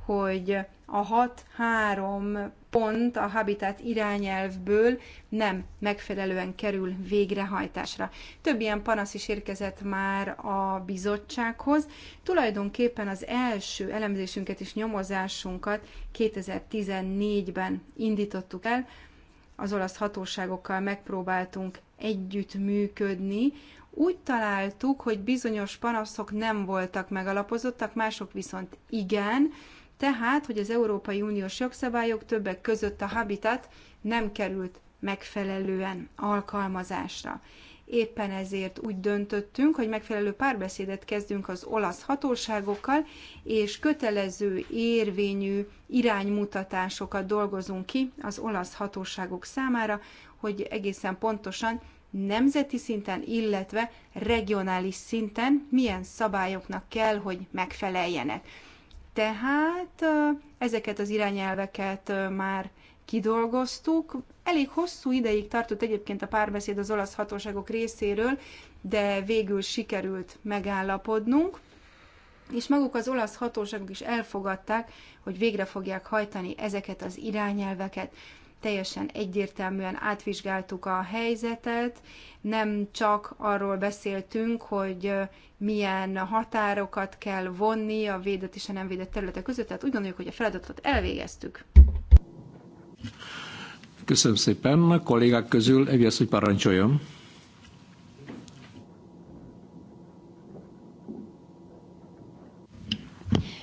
hogy a 6-3 pont a habitat irányelvből nem megfelelően kerül végrehajtásra. Több ilyen panasz is érkezett már a bizottsághoz. Tulajdonképpen az első elemzésünket és nyomozásunkat 2014-ben indítottuk el, az olasz hatóságokkal megpróbáltunk együttműködni, úgy találtuk, hogy bizonyos panaszok nem voltak megalapozottak, mások viszont igen, tehát, hogy az Európai Uniós jogszabályok többek között a habitat nem került megfelelően alkalmazásra. Éppen ezért úgy döntöttünk, hogy megfelelő párbeszédet kezdünk az olasz hatóságokkal, és kötelező érvényű iránymutatásokat dolgozunk ki az olasz hatóságok számára, hogy egészen pontosan nemzeti szinten, illetve regionális szinten milyen szabályoknak kell, hogy megfeleljenek tehát ezeket az irányelveket már kidolgoztuk. Elég hosszú ideig tartott egyébként a párbeszéd az olasz hatóságok részéről, de végül sikerült megállapodnunk és maguk az olasz hatóságok is elfogadták, hogy végre fogják hajtani ezeket az irányelveket teljesen egyértelműen átvizsgáltuk a helyzetet, nem csak arról beszéltünk, hogy milyen határokat kell vonni a védett és a nem védett területek között, tehát úgy gondoljuk, hogy a feladatot elvégeztük. Köszönöm szépen. A kollégák közül Evi hogy parancsoljon.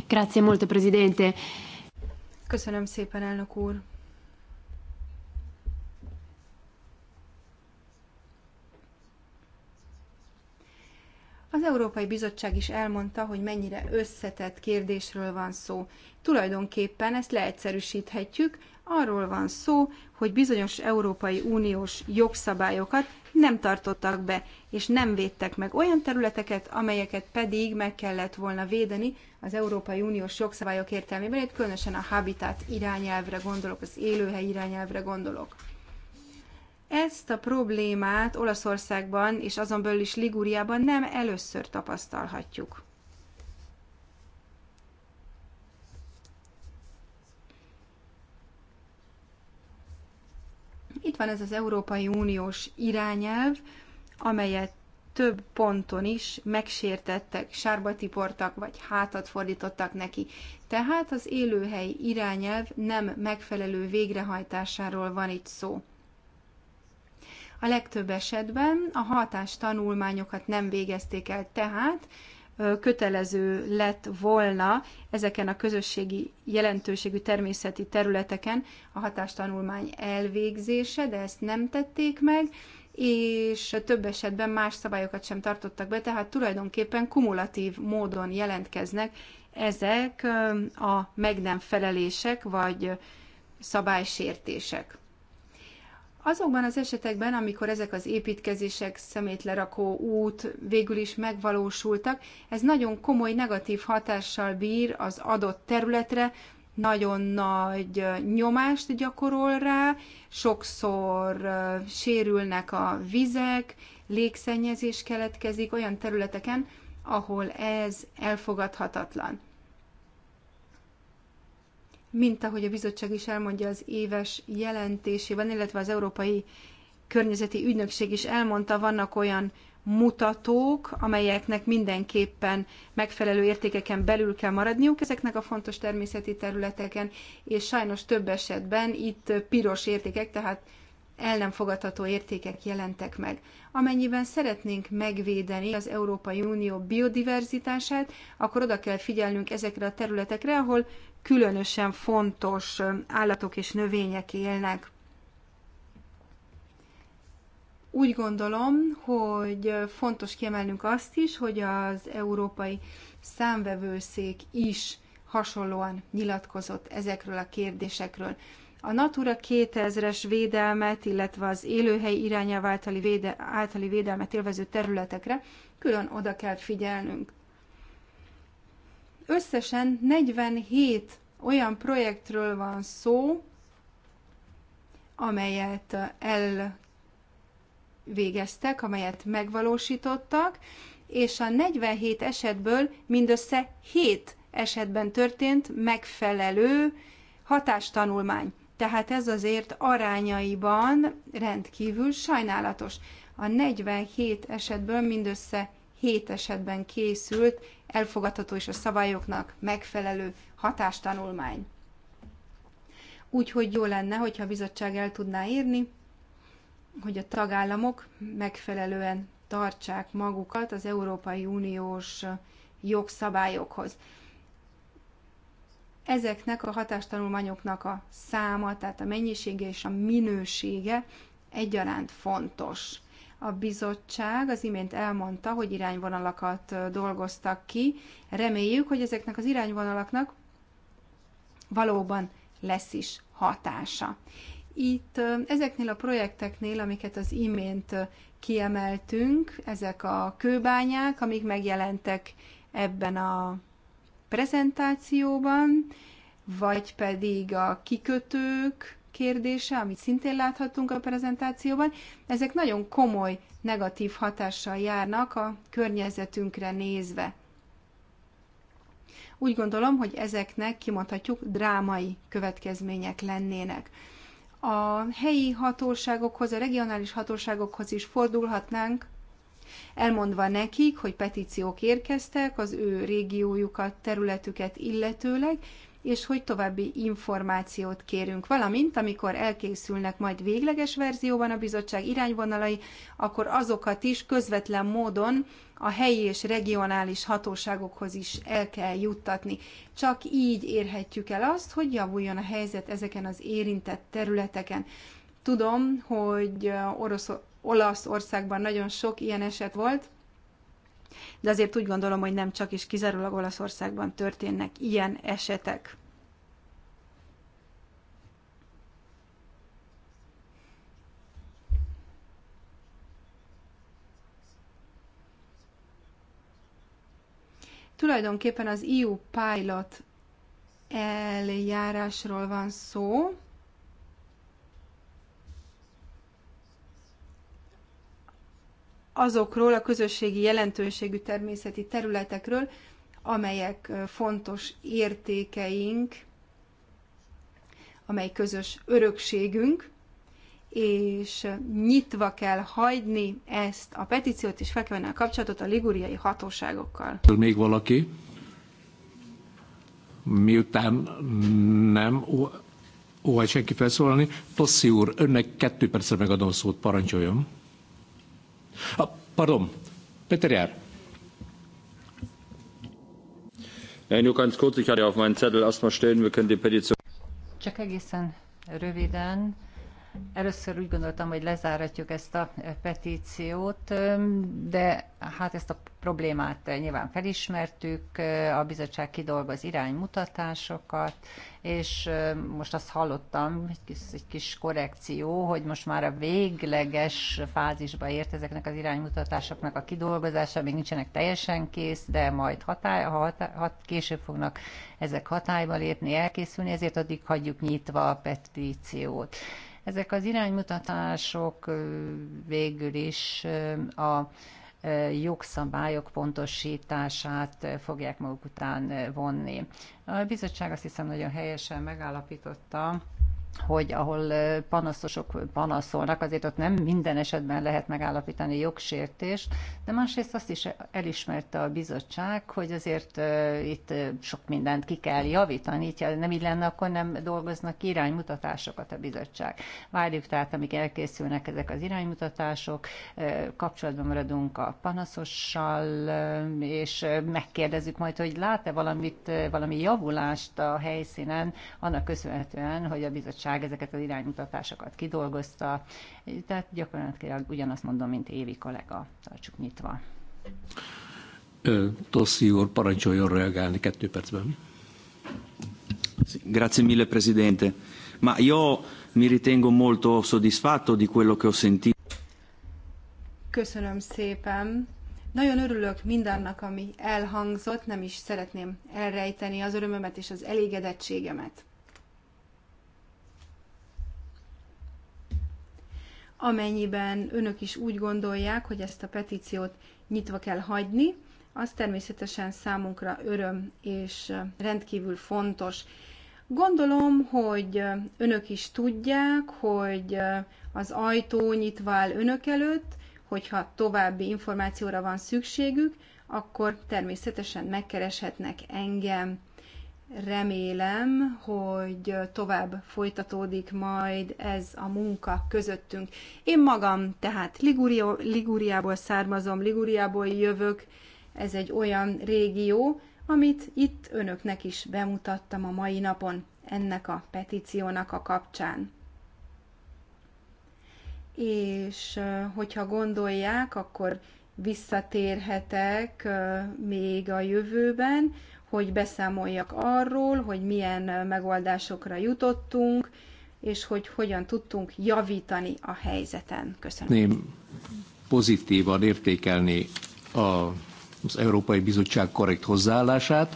Grazie molto, Presidente. Köszönöm szépen, elnök úr. Az Európai Bizottság is elmondta, hogy mennyire összetett kérdésről van szó. Tulajdonképpen ezt leegyszerűsíthetjük, arról van szó, hogy bizonyos Európai Uniós jogszabályokat nem tartottak be, és nem védtek meg olyan területeket, amelyeket pedig meg kellett volna védeni az Európai Uniós jogszabályok értelmében, itt különösen a habitat irányelvre gondolok, az élőhely irányelvre gondolok. Ezt a problémát Olaszországban és azon belül is Ligúriában nem először tapasztalhatjuk. Itt van ez az Európai Uniós irányelv, amelyet több ponton is megsértettek, sárba tiportak, vagy hátat fordítottak neki. Tehát az élőhely irányelv nem megfelelő végrehajtásáról van itt szó. A legtöbb esetben a hatástanulmányokat nem végezték el, tehát kötelező lett volna ezeken a közösségi jelentőségű természeti területeken a hatástanulmány elvégzése, de ezt nem tették meg, és több esetben más szabályokat sem tartottak be, tehát tulajdonképpen kumulatív módon jelentkeznek ezek a meg nem felelések vagy szabálysértések. Azokban az esetekben, amikor ezek az építkezések, szemétlerakó út végül is megvalósultak, ez nagyon komoly negatív hatással bír az adott területre, nagyon nagy nyomást gyakorol rá, sokszor sérülnek a vizek, légszennyezés keletkezik olyan területeken, ahol ez elfogadhatatlan mint ahogy a bizottság is elmondja az éves jelentésében, illetve az Európai Környezeti Ügynökség is elmondta, vannak olyan mutatók, amelyeknek mindenképpen megfelelő értékeken belül kell maradniuk ezeknek a fontos természeti területeken, és sajnos több esetben itt piros értékek, tehát el nem fogadható értékek jelentek meg. Amennyiben szeretnénk megvédeni az Európai Unió biodiverzitását, akkor oda kell figyelnünk ezekre a területekre, ahol különösen fontos állatok és növények élnek. Úgy gondolom, hogy fontos kiemelnünk azt is, hogy az Európai Számvevőszék is hasonlóan nyilatkozott ezekről a kérdésekről. A Natura 2000-es védelmet, illetve az élőhely irányelv általi, véde, általi védelmet élvező területekre külön oda kell figyelnünk. Összesen 47 olyan projektről van szó, amelyet elvégeztek, amelyet megvalósítottak, és a 47 esetből mindössze 7 esetben történt megfelelő hatástanulmány. Tehát ez azért arányaiban rendkívül sajnálatos. A 47 esetből mindössze hét esetben készült elfogadható és a szabályoknak megfelelő hatástanulmány. Úgyhogy jó lenne, hogyha a bizottság el tudná írni, hogy a tagállamok megfelelően tartsák magukat az Európai Uniós jogszabályokhoz. Ezeknek a hatástanulmányoknak a száma, tehát a mennyisége és a minősége egyaránt fontos. A bizottság az imént elmondta, hogy irányvonalakat dolgoztak ki. Reméljük, hogy ezeknek az irányvonalaknak valóban lesz is hatása. Itt ezeknél a projekteknél, amiket az imént kiemeltünk, ezek a kőbányák, amik megjelentek ebben a prezentációban, vagy pedig a kikötők, kérdése, amit szintén láthattunk a prezentációban, ezek nagyon komoly negatív hatással járnak a környezetünkre nézve. Úgy gondolom, hogy ezeknek kimondhatjuk drámai következmények lennének. A helyi hatóságokhoz, a regionális hatóságokhoz is fordulhatnánk, elmondva nekik, hogy petíciók érkeztek az ő régiójukat, területüket illetőleg, és hogy további információt kérünk. Valamint, amikor elkészülnek majd végleges verzióban a bizottság irányvonalai, akkor azokat is közvetlen módon a helyi és regionális hatóságokhoz is el kell juttatni. Csak így érhetjük el azt, hogy javuljon a helyzet ezeken az érintett területeken. Tudom, hogy Orosz, Olaszországban nagyon sok ilyen eset volt, de azért úgy gondolom, hogy nem csak is kizárólag Olaszországban történnek ilyen esetek. Tulajdonképpen az EU pilot eljárásról van szó, azokról a közösségi jelentőségű természeti területekről, amelyek fontos értékeink, amely közös örökségünk, és nyitva kell hagyni ezt a petíciót, és fel kell a kapcsolatot a liguriai hatóságokkal. Még valaki? Miután nem óhaj senki felszólalni, Tosszi úr, önnek kettő percre megadom szót, parancsoljon. Ah, pardon, Peter nur ganz kurz, ich hatte auf meinen Zettel erstmal stellen, wir können die Petition. Csak egészen röviden Először úgy gondoltam, hogy lezáratjuk ezt a petíciót, de hát ezt a problémát nyilván felismertük, a bizottság kidolgoz iránymutatásokat, és most azt hallottam, egy kis, egy kis korrekció, hogy most már a végleges fázisba ért ezeknek az iránymutatásoknak a kidolgozása, még nincsenek teljesen kész, de majd hatály, ha hatály, hat, később fognak ezek hatályba lépni, elkészülni, ezért addig hagyjuk nyitva a petíciót. Ezek az iránymutatások végül is a jogszabályok pontosítását fogják maguk után vonni. A bizottság azt hiszem nagyon helyesen megállapította, hogy ahol panaszosok panaszolnak, azért ott nem minden esetben lehet megállapítani jogsértést, de másrészt azt is elismerte a bizottság, hogy azért itt sok mindent ki kell javítani, ha nem így lenne, akkor nem dolgoznak iránymutatásokat a bizottság. Várjuk tehát, amíg elkészülnek ezek az iránymutatások, kapcsolatban maradunk a panaszossal, és megkérdezzük majd, hogy lát-e valamit, valami javulást a helyszínen, annak köszönhetően, hogy a bizottság bizottság ezeket az iránymutatásokat kidolgozta, tehát gyakorlatilag ugyanazt mondom, mint Évi kollega, tartsuk nyitva. Tosszi úr, parancsoljon reagálni kettő percben. Grazie mille, Presidente. Ma io mi ritengo molto soddisfatto di quello che ho sentito. Köszönöm szépen. Nagyon örülök mindannak, ami elhangzott, nem is szeretném elrejteni az örömömet és az elégedettségemet. Amennyiben önök is úgy gondolják, hogy ezt a petíciót nyitva kell hagyni, az természetesen számunkra öröm és rendkívül fontos. Gondolom, hogy önök is tudják, hogy az ajtó nyitva áll önök előtt, hogyha további információra van szükségük, akkor természetesen megkereshetnek engem. Remélem, hogy tovább folytatódik majd ez a munka közöttünk. Én magam tehát ligúria Liguriából származom, Liguriából jövök. Ez egy olyan régió, amit itt önöknek is bemutattam a mai napon ennek a petíciónak a kapcsán. És hogyha gondolják, akkor visszatérhetek még a jövőben, hogy beszámoljak arról, hogy milyen megoldásokra jutottunk, és hogy hogyan tudtunk javítani a helyzeten. Köszönöm. Én pozitívan értékelni a, az Európai Bizottság korrekt hozzáállását.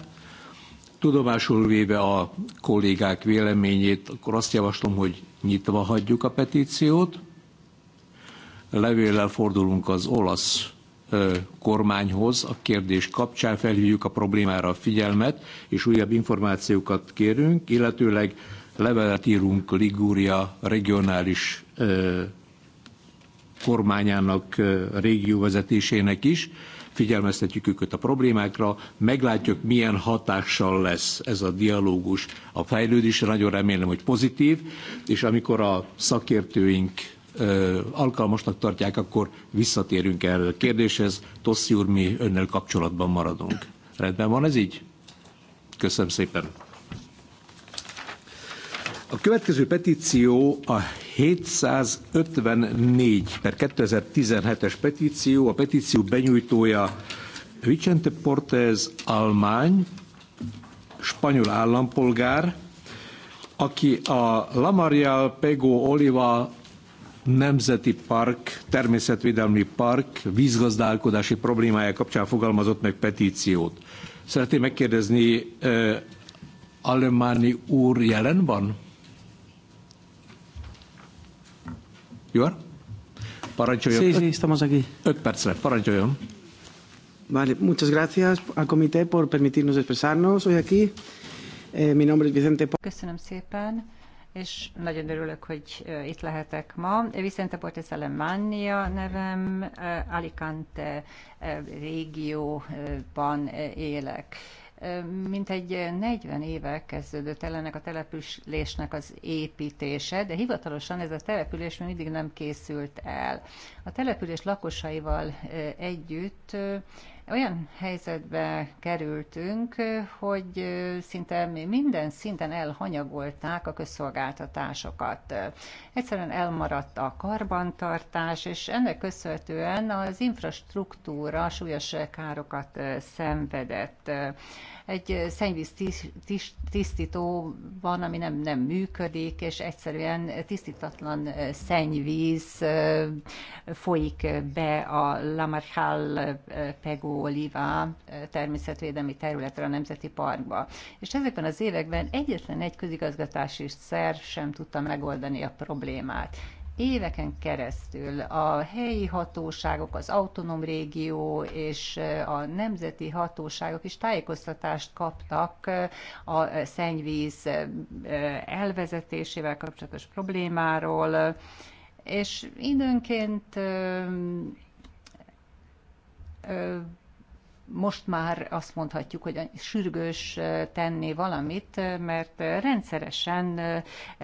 Tudomásul véve a kollégák véleményét, akkor azt javaslom, hogy nyitva hagyjuk a petíciót. Levéllel fordulunk az olasz kormányhoz a kérdés kapcsán, felhívjuk a problémára a figyelmet, és újabb információkat kérünk, illetőleg levelet írunk Ligúria regionális kormányának, régióvezetésének is, figyelmeztetjük őket a problémákra, meglátjuk, milyen hatással lesz ez a dialógus a fejlődésre, nagyon remélem, hogy pozitív, és amikor a szakértőink alkalmasnak tartják, akkor visszatérünk erre a kérdéshez. Tosszi úr, mi önnel kapcsolatban maradunk. Rendben van ez így? Köszönöm szépen. A következő petíció a 754 per 2017-es petíció. A petíció benyújtója Vicente Portez Almány, spanyol állampolgár, aki a Lamarial Pego Oliva Nemzeti Park, Természetvédelmi Park vízgazdálkodási problémája kapcsán fogalmazott meg petíciót. Szeretném megkérdezni, uh, Alemáni úr jelen van? Jó? Parancsoljon. Sí, sí, estamos aquí. Öt percre, parancsoljon. Vale, muchas gracias al comité por permitirnos expresarnos hoy aquí. Eh, mi nombre es Vicente. Köszönöm szépen és nagyon örülök, hogy itt lehetek ma. Vicente Portes Alemania nevem, Alicante régióban élek. Mint egy 40 éve kezdődött el ennek a településnek az építése, de hivatalosan ez a település még mindig nem készült el. A település lakosaival együtt olyan helyzetbe kerültünk, hogy szinte minden szinten elhanyagolták a közszolgáltatásokat. Egyszerűen elmaradt a karbantartás, és ennek köszönhetően az infrastruktúra súlyos károkat szenvedett egy szennyvíz tisztító van, ami nem, nem működik, és egyszerűen tisztítatlan szennyvíz folyik be a Lamarchal Pego Oliva természetvédelmi területre a Nemzeti Parkba. És ezekben az években egyetlen egy közigazgatási szer sem tudta megoldani a problémát éveken keresztül a helyi hatóságok, az autonóm régió és a nemzeti hatóságok is tájékoztatást kaptak a szennyvíz elvezetésével kapcsolatos problémáról, és időnként most már azt mondhatjuk, hogy sürgős tenni valamit, mert rendszeresen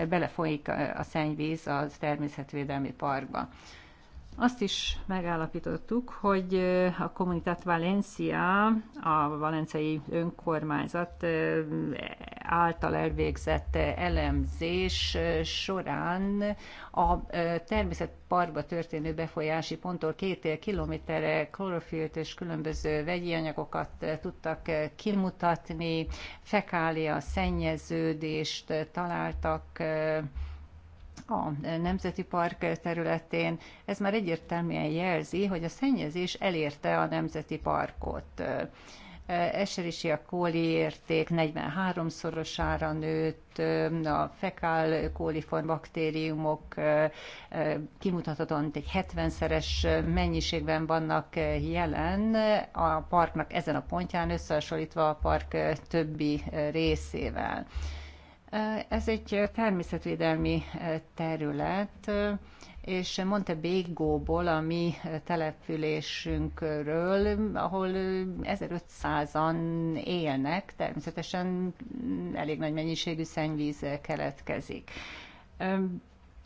belefolyik a szennyvíz a természetvédelmi parkba. Azt is megállapítottuk, hogy a Comunitat Valencia, a valencei önkormányzat által elvégzett elemzés során a természetparkba történő befolyási ponttól két kilométerre klorofilt és különböző vegyi anyagokat tudtak kimutatni, fekália szennyeződést találtak a Nemzeti Park területén. Ez már egyértelműen jelzi, hogy a szennyezés elérte a Nemzeti Parkot. a kóli érték 43-szorosára nőtt, a fekál kóliform baktériumok kimutathatóan egy 70-szeres mennyiségben vannak jelen a parknak ezen a pontján összehasonlítva a park többi részével. Ez egy természetvédelmi eh, terület, eh, és Bégóból, a mi eh, településünkről, ahol 1500-an élnek, természetesen mm, elég nagy mennyiségű szennyvíz keletkezik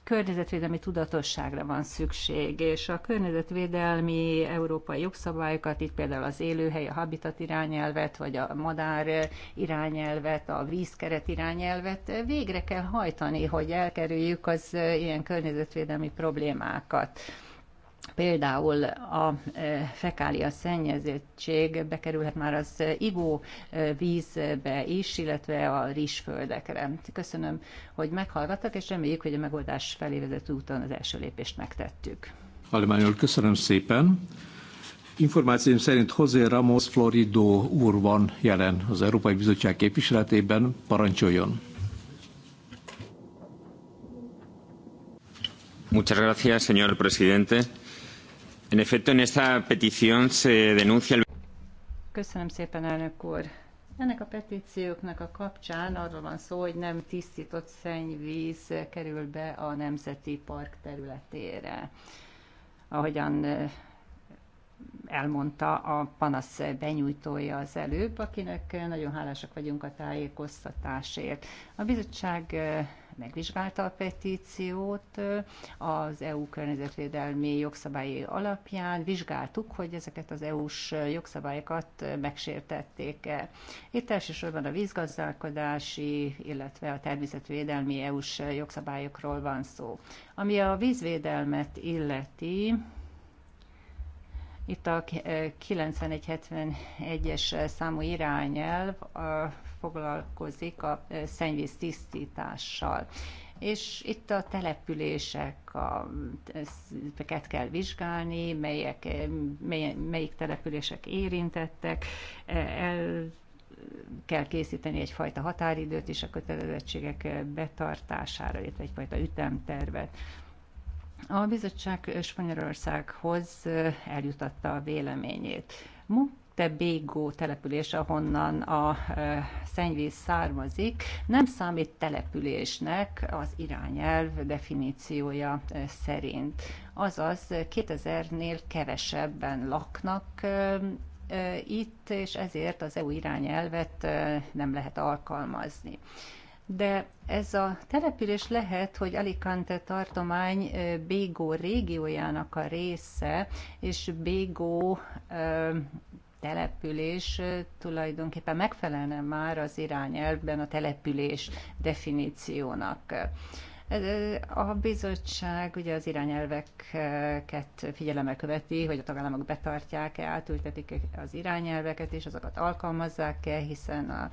környezetvédelmi tudatosságra van szükség, és a környezetvédelmi európai jogszabályokat, itt például az élőhely, a habitat irányelvet, vagy a madár irányelvet, a vízkeret irányelvet végre kell hajtani, hogy elkerüljük az ilyen környezetvédelmi problémákat például a e, fekália szennyezettség bekerülhet már az ivó e, vízbe is, illetve a rizsföldekre. Köszönöm, hogy meghallgattak, és reméljük, hogy a megoldás felé vezető úton az első lépést megtettük. Halimányol, köszönöm szépen. Információim szerint José Ramos Florido úr van jelen az Európai Bizottság képviseletében. Parancsoljon! Muchas gracias, señor presidente. Köszönöm szépen, elnök úr. Ennek a petícióknak a kapcsán arról van szó, hogy nem tisztított szennyvíz kerül be a Nemzeti Park területére. Ahogyan eh, elmondta a panasz benyújtója az előbb, akinek nagyon hálásak vagyunk a tájékoztatásért. A bizottság eh, megvizsgálta a petíciót az EU környezetvédelmi jogszabályi alapján, vizsgáltuk, hogy ezeket az EU-s jogszabályokat megsértették-e. Itt elsősorban a vízgazdálkodási, illetve a természetvédelmi EU-s jogszabályokról van szó. Ami a vízvédelmet illeti, itt a 9171-es számú irányelv foglalkozik a szennyvíz tisztítással. És itt a települések, a, ezeket kell vizsgálni, melyek, mely, melyik települések érintettek, el, kell készíteni egyfajta határidőt is, a kötelezettségek betartására, illetve egyfajta ütemtervet. A bizottság Spanyolországhoz eljutatta a véleményét. Mu Tebégó település, ahonnan a e, szennyvíz származik, nem számít településnek az irányelv definíciója e, szerint. Azaz 2000-nél kevesebben laknak e, itt, és ezért az EU irányelvet nem lehet alkalmazni de ez a település lehet, hogy Alicante tartomány Bégó régiójának a része, és Bégó település tulajdonképpen megfelelne már az irányelvben a település definíciónak. A bizottság ugye az irányelveket figyelemmel követi, hogy a tagállamok betartják-e, átültetik az irányelveket, és azokat alkalmazzák-e, hiszen a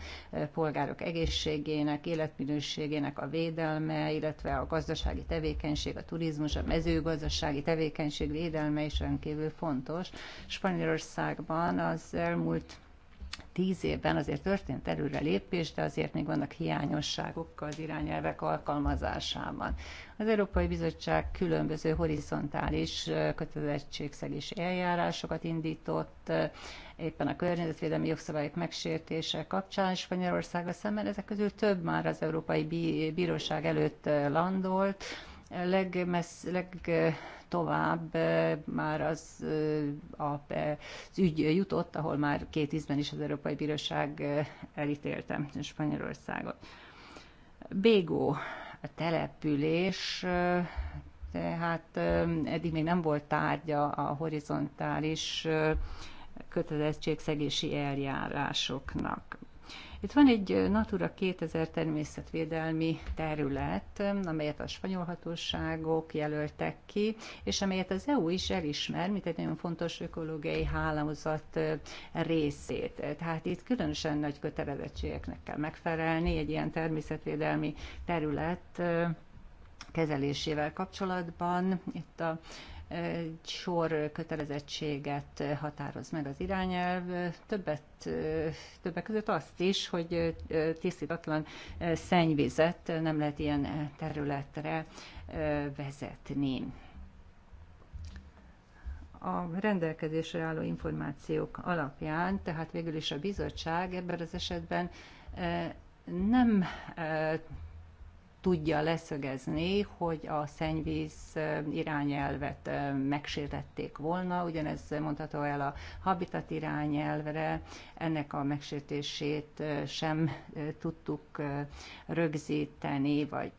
polgárok egészségének, életminőségének a védelme, illetve a gazdasági tevékenység, a turizmus, a mezőgazdasági tevékenység védelme is rendkívül fontos. Spanyolországban az elmúlt tíz évben azért történt előrelépés, de azért még vannak hiányosságok az irányelvek alkalmazásában. Az Európai Bizottság különböző horizontális kötelezettségszegés eljárásokat indított, éppen a környezetvédelmi jogszabályok megsértése kapcsán Spanyolországra szemben, ezek közül több már az Európai Bíróság előtt landolt, legmessz, leg, tovább már az, az ügy jutott, ahol már két ízben is az Európai Bíróság elítélte Spanyolországot. Bégó település, tehát eddig még nem volt tárgya a horizontális kötelezettségszegési eljárásoknak. Itt van egy Natura 2000 természetvédelmi terület, amelyet a spanyol hatóságok jelöltek ki, és amelyet az EU is elismer, mint egy nagyon fontos ökológiai hálózat részét. Tehát itt különösen nagy kötelezettségeknek kell megfelelni egy ilyen természetvédelmi terület kezelésével kapcsolatban. Itt a egy sor kötelezettséget határoz meg az irányelv, többet, többek között azt is, hogy tisztítatlan szennyvizet nem lehet ilyen területre vezetni. A rendelkezésre álló információk alapján, tehát végül is a bizottság ebben az esetben eh, nem eh, tudja leszögezni, hogy a szennyvíz irányelvet megsértették volna. Ugyanez mondható el a habitat irányelvre, ennek a megsértését sem tudtuk rögzíteni vagy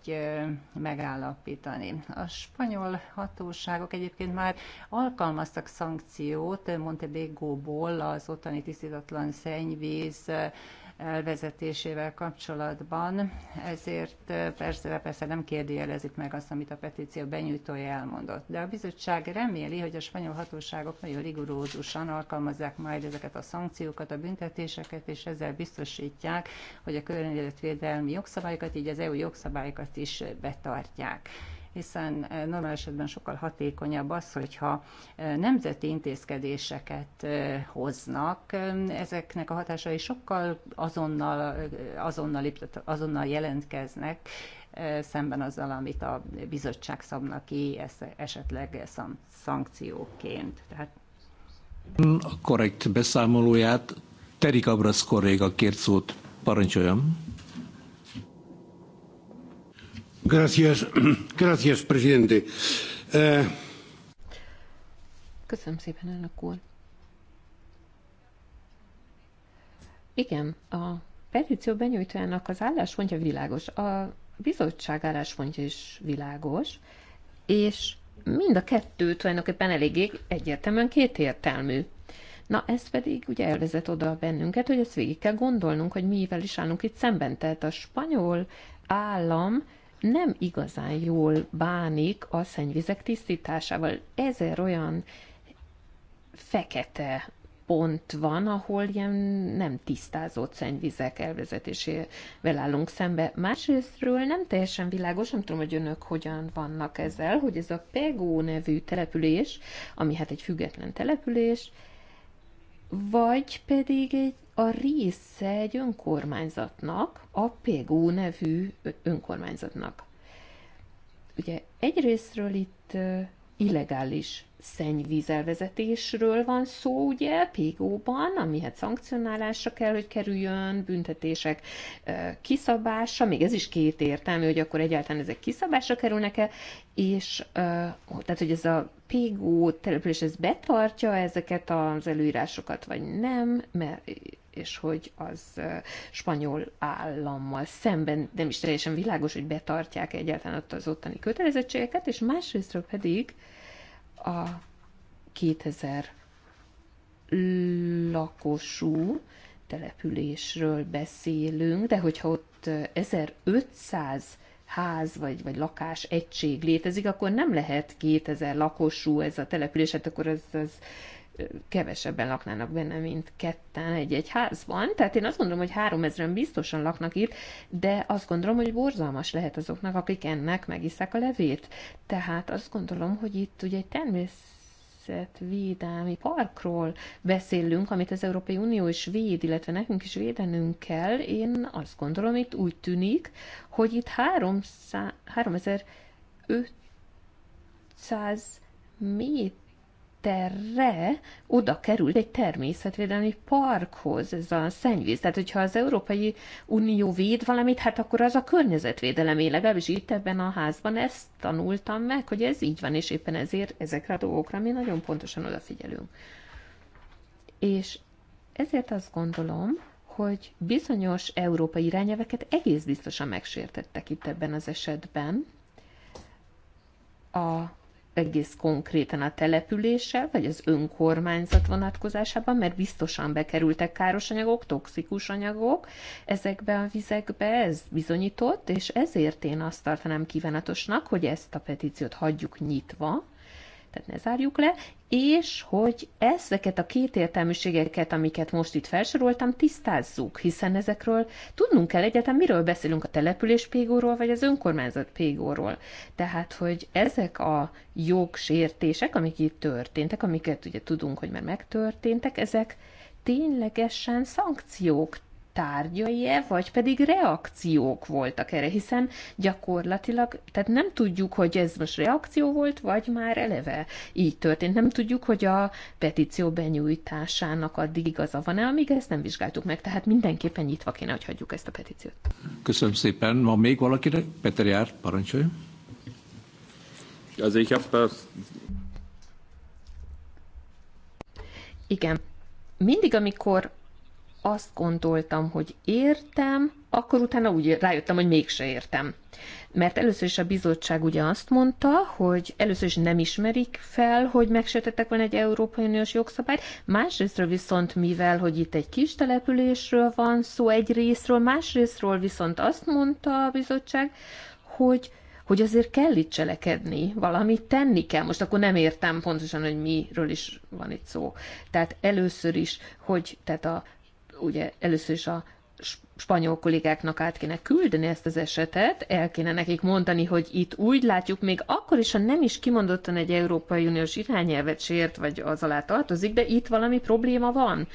megállapítani. A spanyol hatóságok egyébként már alkalmaztak szankciót Montebégóból az ottani tisztítatlan szennyvíz elvezetésével kapcsolatban, ezért eh, persze, persze nem kérdőjelezik meg azt, amit a petíció benyújtója elmondott. De a bizottság reméli, hogy a spanyol hatóságok nagyon rigorózusan alkalmazzák majd ezeket a szankciókat, a büntetéseket, és ezzel biztosítják, hogy a környezetvédelmi jogszabályokat, így az EU jogszabályokat is betartják hiszen eh, normál esetben sokkal hatékonyabb az, hogyha eh, nemzeti intézkedéseket eh, hoznak, ezeknek a hatásai sokkal azonnal, azonnal, azonnal jelentkeznek, szemben azzal, amit a bizottság szabna ki esetleg szankcióként. Tehát... A korrekt beszámolóját Terik Abrasz kolléga kért szót. Parancsoljam! Gracias, gracias, presidente. Eh, Köszönöm szépen, elnök úr. Igen, a petíció benyújtójának az álláspontja világos, a bizottság álláspontja is világos, és mind a kettő tulajdonképpen eléggé egyértelműen kétértelmű. Na ez pedig ugye elvezet oda bennünket, hogy ezt végig kell gondolnunk, hogy mivel is állunk itt szemben. Tehát a spanyol állam nem igazán jól bánik a szennyvizek tisztításával. Ezer olyan fekete pont van, ahol ilyen nem tisztázott szennyvizek elvezetésével állunk szembe. Másrésztről nem teljesen világos, nem tudom, hogy önök hogyan vannak ezzel, hogy ez a Pegó nevű település, ami hát egy független település, vagy pedig egy a része egy önkormányzatnak, a PEGU nevű önkormányzatnak. Ugye egyrésztről itt illegális szennyvízelvezetésről van szó, ugye, PEGU-ban, ami hát szankcionálásra kell, hogy kerüljön, büntetések kiszabása, még ez is két értelmű, hogy akkor egyáltalán ezek kiszabásra kerülnek-e, és tehát, hogy ez a PGO település, ez betartja ezeket az előírásokat, vagy nem, mert és hogy az spanyol állammal szemben nem is teljesen világos, hogy betartják egyáltalán ott az ottani kötelezettségeket, és másrésztről pedig a 2000 lakosú településről beszélünk, de hogyha ott 1500 ház vagy, vagy lakás egység létezik, akkor nem lehet 2000 lakosú ez a település, hát akkor az, az kevesebben laknának benne, mint ketten egy-egy házban. Tehát én azt gondolom, hogy három ezeren biztosan laknak itt, de azt gondolom, hogy borzalmas lehet azoknak, akik ennek megiszák a levét. Tehát azt gondolom, hogy itt ugye egy természet védelmi parkról beszélünk, amit az Európai Unió is véd, illetve nekünk is védenünk kell. Én azt gondolom, itt úgy tűnik, hogy itt 3500 méter méterre oda kerül egy természetvédelmi parkhoz ez a szennyvíz. Tehát, hogyha az Európai Unió véd valamit, hát akkor az a környezetvédelem. Én legalábbis itt ebben a házban ezt tanultam meg, hogy ez így van, és éppen ezért ezekre a dolgokra mi nagyon pontosan odafigyelünk. És ezért azt gondolom, hogy bizonyos európai irányelveket egész biztosan megsértettek itt ebben az esetben. A egész konkrétan a településsel, vagy az önkormányzat vonatkozásában, mert biztosan bekerültek káros anyagok, toxikus anyagok ezekbe a vizekbe, ez bizonyított, és ezért én azt tartanám kívánatosnak, hogy ezt a petíciót hagyjuk nyitva, tehát ne zárjuk le, és hogy ezeket a értelműségeket, amiket most itt felsoroltam, tisztázzuk, hiszen ezekről tudnunk kell egyetem, miről beszélünk a település pégóról, vagy az önkormányzat pégóról. Tehát, hogy ezek a jogsértések, amik itt történtek, amiket ugye tudunk, hogy már megtörténtek, ezek ténylegesen szankciók, tárgyai-e, vagy pedig reakciók voltak erre, hiszen gyakorlatilag, tehát nem tudjuk, hogy ez most reakció volt, vagy már eleve így történt. Nem tudjuk, hogy a petíció benyújtásának addig igaza van-e, amíg ezt nem vizsgáltuk meg. Tehát mindenképpen nyitva kéne, hogy hagyjuk ezt a petíciót. Köszönöm szépen. Ma még valakire? Peter Jár, parancsoljon. Also ich habe igen. Mindig, amikor azt gondoltam, hogy értem, akkor utána úgy rájöttem, hogy mégse értem. Mert először is a bizottság ugye azt mondta, hogy először is nem ismerik fel, hogy megsértettek van egy Európai Uniós jogszabályt, másrésztről viszont, mivel, hogy itt egy kis településről van szó egy részről, másrésztről viszont azt mondta a bizottság, hogy hogy azért kell itt cselekedni, valamit tenni kell. Most akkor nem értem pontosan, hogy miről is van itt szó. Tehát először is, hogy tehát a ugye először is a spanyol kollégáknak át kéne küldeni ezt az esetet, el kéne nekik mondani, hogy itt úgy látjuk, még akkor is, ha nem is kimondottan egy Európai Uniós irányelvet sért, vagy az alá tartozik, de itt valami probléma van.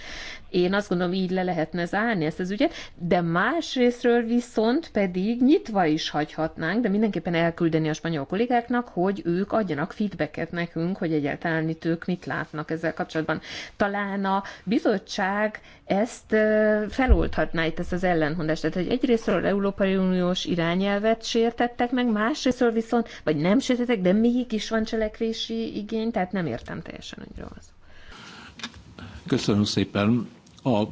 Én azt gondolom, így le lehetne zárni ezt az ügyet, de más részről viszont pedig nyitva is hagyhatnánk, de mindenképpen elküldeni a spanyol kollégáknak, hogy ők adjanak feedbacket nekünk, hogy egyáltalán itt ők mit látnak ezzel kapcsolatban. Talán a bizottság ezt feloldhatná itt ezt az ellenhondást. Tehát, hogy egyrésztről Európai Uniós irányelvet sértettek meg, másrésztről viszont, vagy nem sértettek, de mégis van cselekvési igény, tehát nem értem teljesen, hogy rossz. Köszönöm szépen. A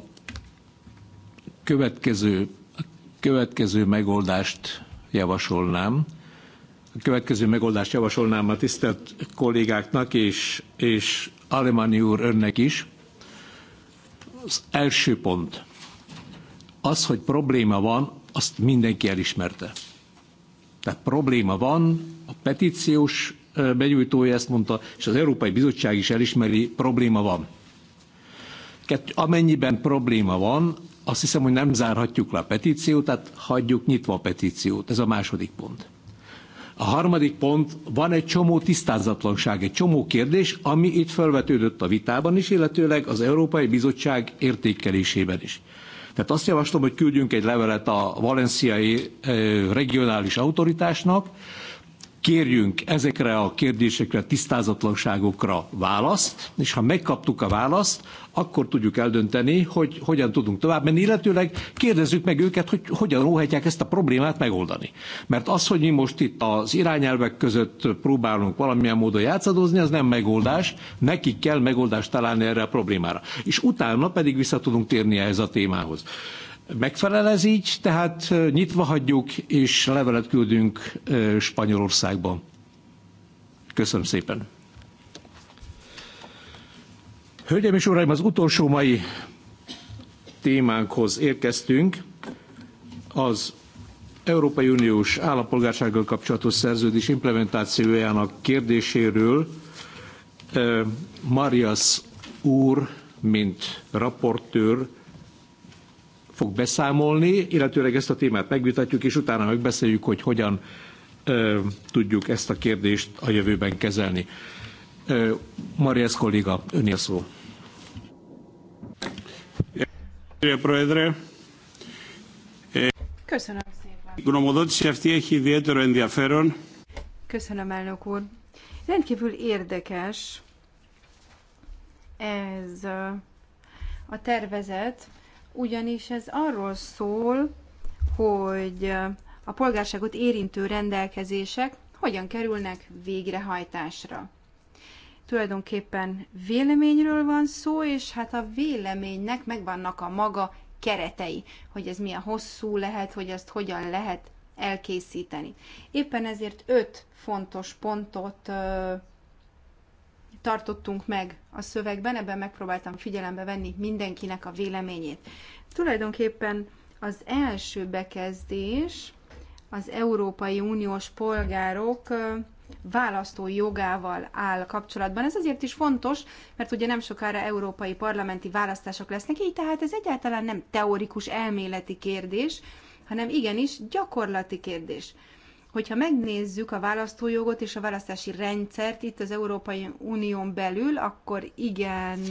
következő, a következő megoldást javasolnám. A következő megoldást javasolnám a tisztelt kollégáknak és, és Alemanni úr önnek is. Az első pont. Az, hogy probléma van, azt mindenki elismerte. Tehát probléma van, a petíciós begyújtója ezt mondta, és az Európai Bizottság is elismeri, probléma van. Kettő, amennyiben probléma van, azt hiszem, hogy nem zárhatjuk le a petíciót, tehát hagyjuk nyitva a petíciót. Ez a második pont. A harmadik pont, van egy csomó tisztázatlanság, egy csomó kérdés, ami itt felvetődött a vitában is, illetőleg az Európai Bizottság értékelésében is. Tehát azt javaslom, hogy küldjünk egy levelet a valenciai regionális autoritásnak, kérjünk ezekre a kérdésekre, tisztázatlanságokra választ, és ha megkaptuk a választ, akkor tudjuk eldönteni, hogy hogyan tudunk tovább menni, illetőleg kérdezzük meg őket, hogy hogyan óhatják ezt a problémát megoldani. Mert az, hogy mi most itt az irányelvek között próbálunk valamilyen módon játszadozni, az nem megoldás, nekik kell megoldást találni erre a problémára. És utána pedig vissza tudunk térni ehhez a témához megfelel ez így, tehát nyitva hagyjuk, és levelet küldünk Spanyolországba. Köszönöm szépen. Hölgyeim és Uraim, az utolsó mai témánkhoz érkeztünk, az Európai Uniós állampolgársággal kapcsolatos szerződés implementációjának kérdéséről Marias úr, mint raportőr, fog beszámolni, illetőleg ezt a témát megvitatjuk, és utána megbeszéljük, hogy hogyan ö, tudjuk ezt a kérdést a jövőben kezelni. Marias kolléga, önél szó. Köszönöm szépen. Η γνωμοδότηση αυτή έχει Köszönöm, elnök úr. Rendkívül érdekes ez a tervezet, ugyanis ez arról szól, hogy a polgárságot érintő rendelkezések hogyan kerülnek végrehajtásra. Tulajdonképpen véleményről van szó, és hát a véleménynek megvannak a maga keretei, hogy ez milyen hosszú lehet, hogy ezt hogyan lehet elkészíteni. Éppen ezért öt fontos pontot tartottunk meg a szövegben, ebben megpróbáltam figyelembe venni mindenkinek a véleményét. Tulajdonképpen az első bekezdés az Európai Uniós polgárok választó jogával áll kapcsolatban. Ez azért is fontos, mert ugye nem sokára európai parlamenti választások lesznek, így tehát ez egyáltalán nem teorikus elméleti kérdés, hanem igenis gyakorlati kérdés. Hogyha megnézzük a választójogot és a választási rendszert itt az Európai Unión belül, akkor igen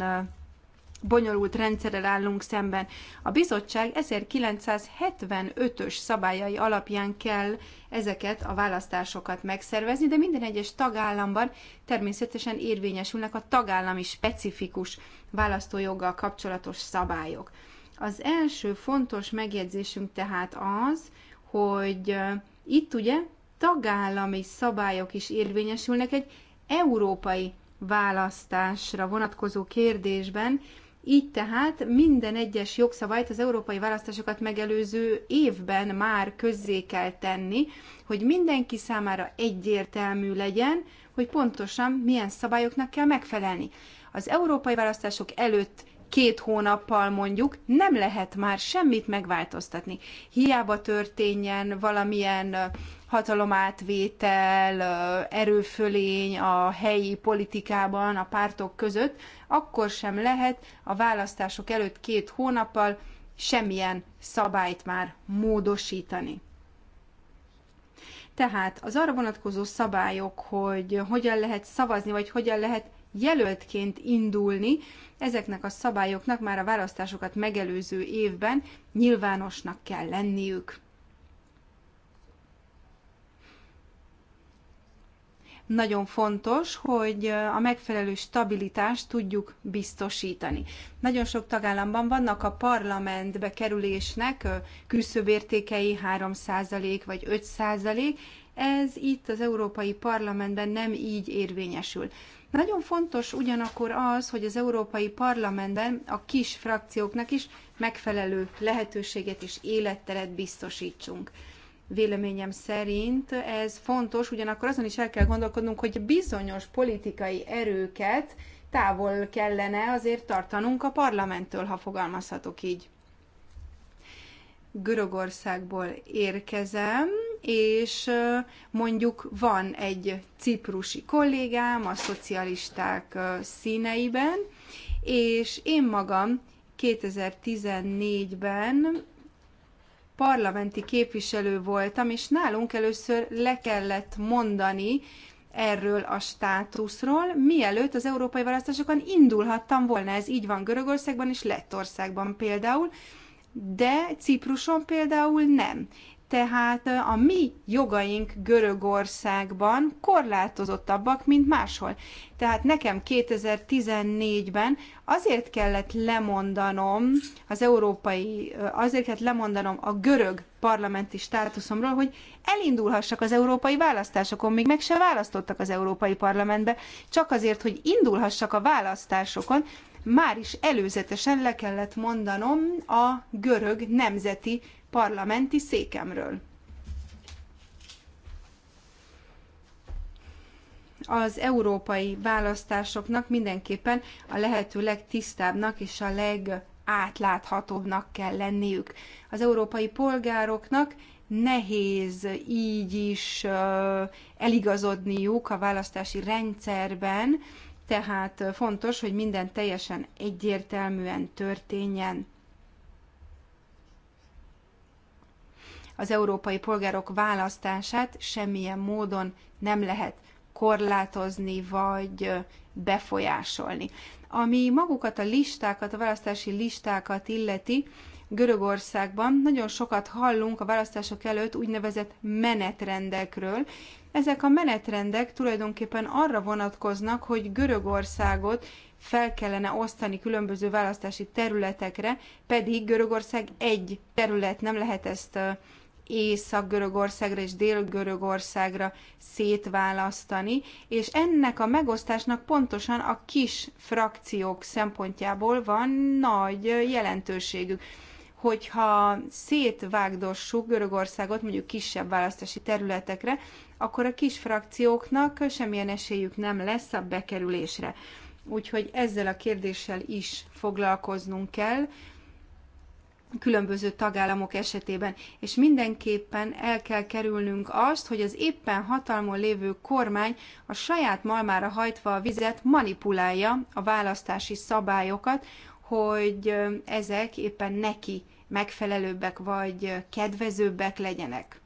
bonyolult rendszerrel állunk szemben. A bizottság 1975-ös szabályai alapján kell ezeket a választásokat megszervezni, de minden egyes tagállamban természetesen érvényesülnek a tagállami specifikus választójoggal kapcsolatos szabályok. Az első fontos megjegyzésünk tehát az, hogy itt ugye tagállami szabályok is érvényesülnek egy európai választásra vonatkozó kérdésben, így tehát minden egyes jogszabályt az európai választásokat megelőző évben már közzé kell tenni, hogy mindenki számára egyértelmű legyen, hogy pontosan milyen szabályoknak kell megfelelni. Az európai választások előtt két hónappal mondjuk nem lehet már semmit megváltoztatni. Hiába történjen valamilyen hatalomátvétel, erőfölény a helyi politikában, a pártok között, akkor sem lehet a választások előtt két hónappal semmilyen szabályt már módosítani. Tehát az arra vonatkozó szabályok, hogy hogyan lehet szavazni, vagy hogyan lehet jelöltként indulni, ezeknek a szabályoknak már a választásokat megelőző évben nyilvánosnak kell lenniük. nagyon fontos, hogy a megfelelő stabilitást tudjuk biztosítani. Nagyon sok tagállamban vannak a parlamentbe kerülésnek küszöbértékei 3% vagy ez itt az Európai Parlamentben nem így érvényesül. Nagyon fontos ugyanakkor az, hogy az Európai Parlamentben a kis frakcióknak is megfelelő lehetőséget és életteret biztosítsunk. Véleményem szerint ez fontos, ugyanakkor azon is el kell gondolkodnunk, hogy bizonyos politikai erőket távol kellene azért tartanunk a parlamenttől, ha fogalmazhatok így. Görögországból érkezem, és mondjuk van egy ciprusi kollégám a szocialisták színeiben, és én magam 2014-ben parlamenti képviselő voltam, és nálunk először le kellett mondani erről a státuszról, mielőtt az európai választásokon indulhattam volna. Ez így van Görögországban és Lettországban például, de Cipruson például nem tehát a mi jogaink Görögországban korlátozottabbak, mint máshol. Tehát nekem 2014-ben azért kellett lemondanom az európai, azért kellett lemondanom a görög parlamenti státuszomról, hogy elindulhassak az európai választásokon, még meg se választottak az európai parlamentbe, csak azért, hogy indulhassak a választásokon, már is előzetesen le kellett mondanom a görög nemzeti parlamenti székemről. Az európai választásoknak mindenképpen a lehető legtisztábbnak és a legátláthatóbbnak kell lenniük. Az európai polgároknak nehéz így is eligazodniuk a választási rendszerben, tehát fontos, hogy minden teljesen egyértelműen történjen. az európai polgárok választását semmilyen módon nem lehet korlátozni vagy befolyásolni. Ami magukat a listákat, a választási listákat illeti, Görögországban nagyon sokat hallunk a választások előtt úgynevezett menetrendekről. Ezek a menetrendek tulajdonképpen arra vonatkoznak, hogy Görögországot fel kellene osztani különböző választási területekre, pedig Görögország egy terület, nem lehet ezt Észak-Görögországra és Dél-Görögországra szétválasztani, és ennek a megosztásnak pontosan a kis frakciók szempontjából van nagy jelentőségük hogyha szétvágdossuk Görögországot mondjuk kisebb választási területekre, akkor a kis frakcióknak semmilyen esélyük nem lesz a bekerülésre. Úgyhogy ezzel a kérdéssel is foglalkoznunk kell, különböző tagállamok esetében, és mindenképpen el kell kerülnünk azt, hogy az éppen hatalmon lévő kormány a saját malmára hajtva a vizet manipulálja a választási szabályokat, hogy ezek éppen neki megfelelőbbek vagy kedvezőbbek legyenek.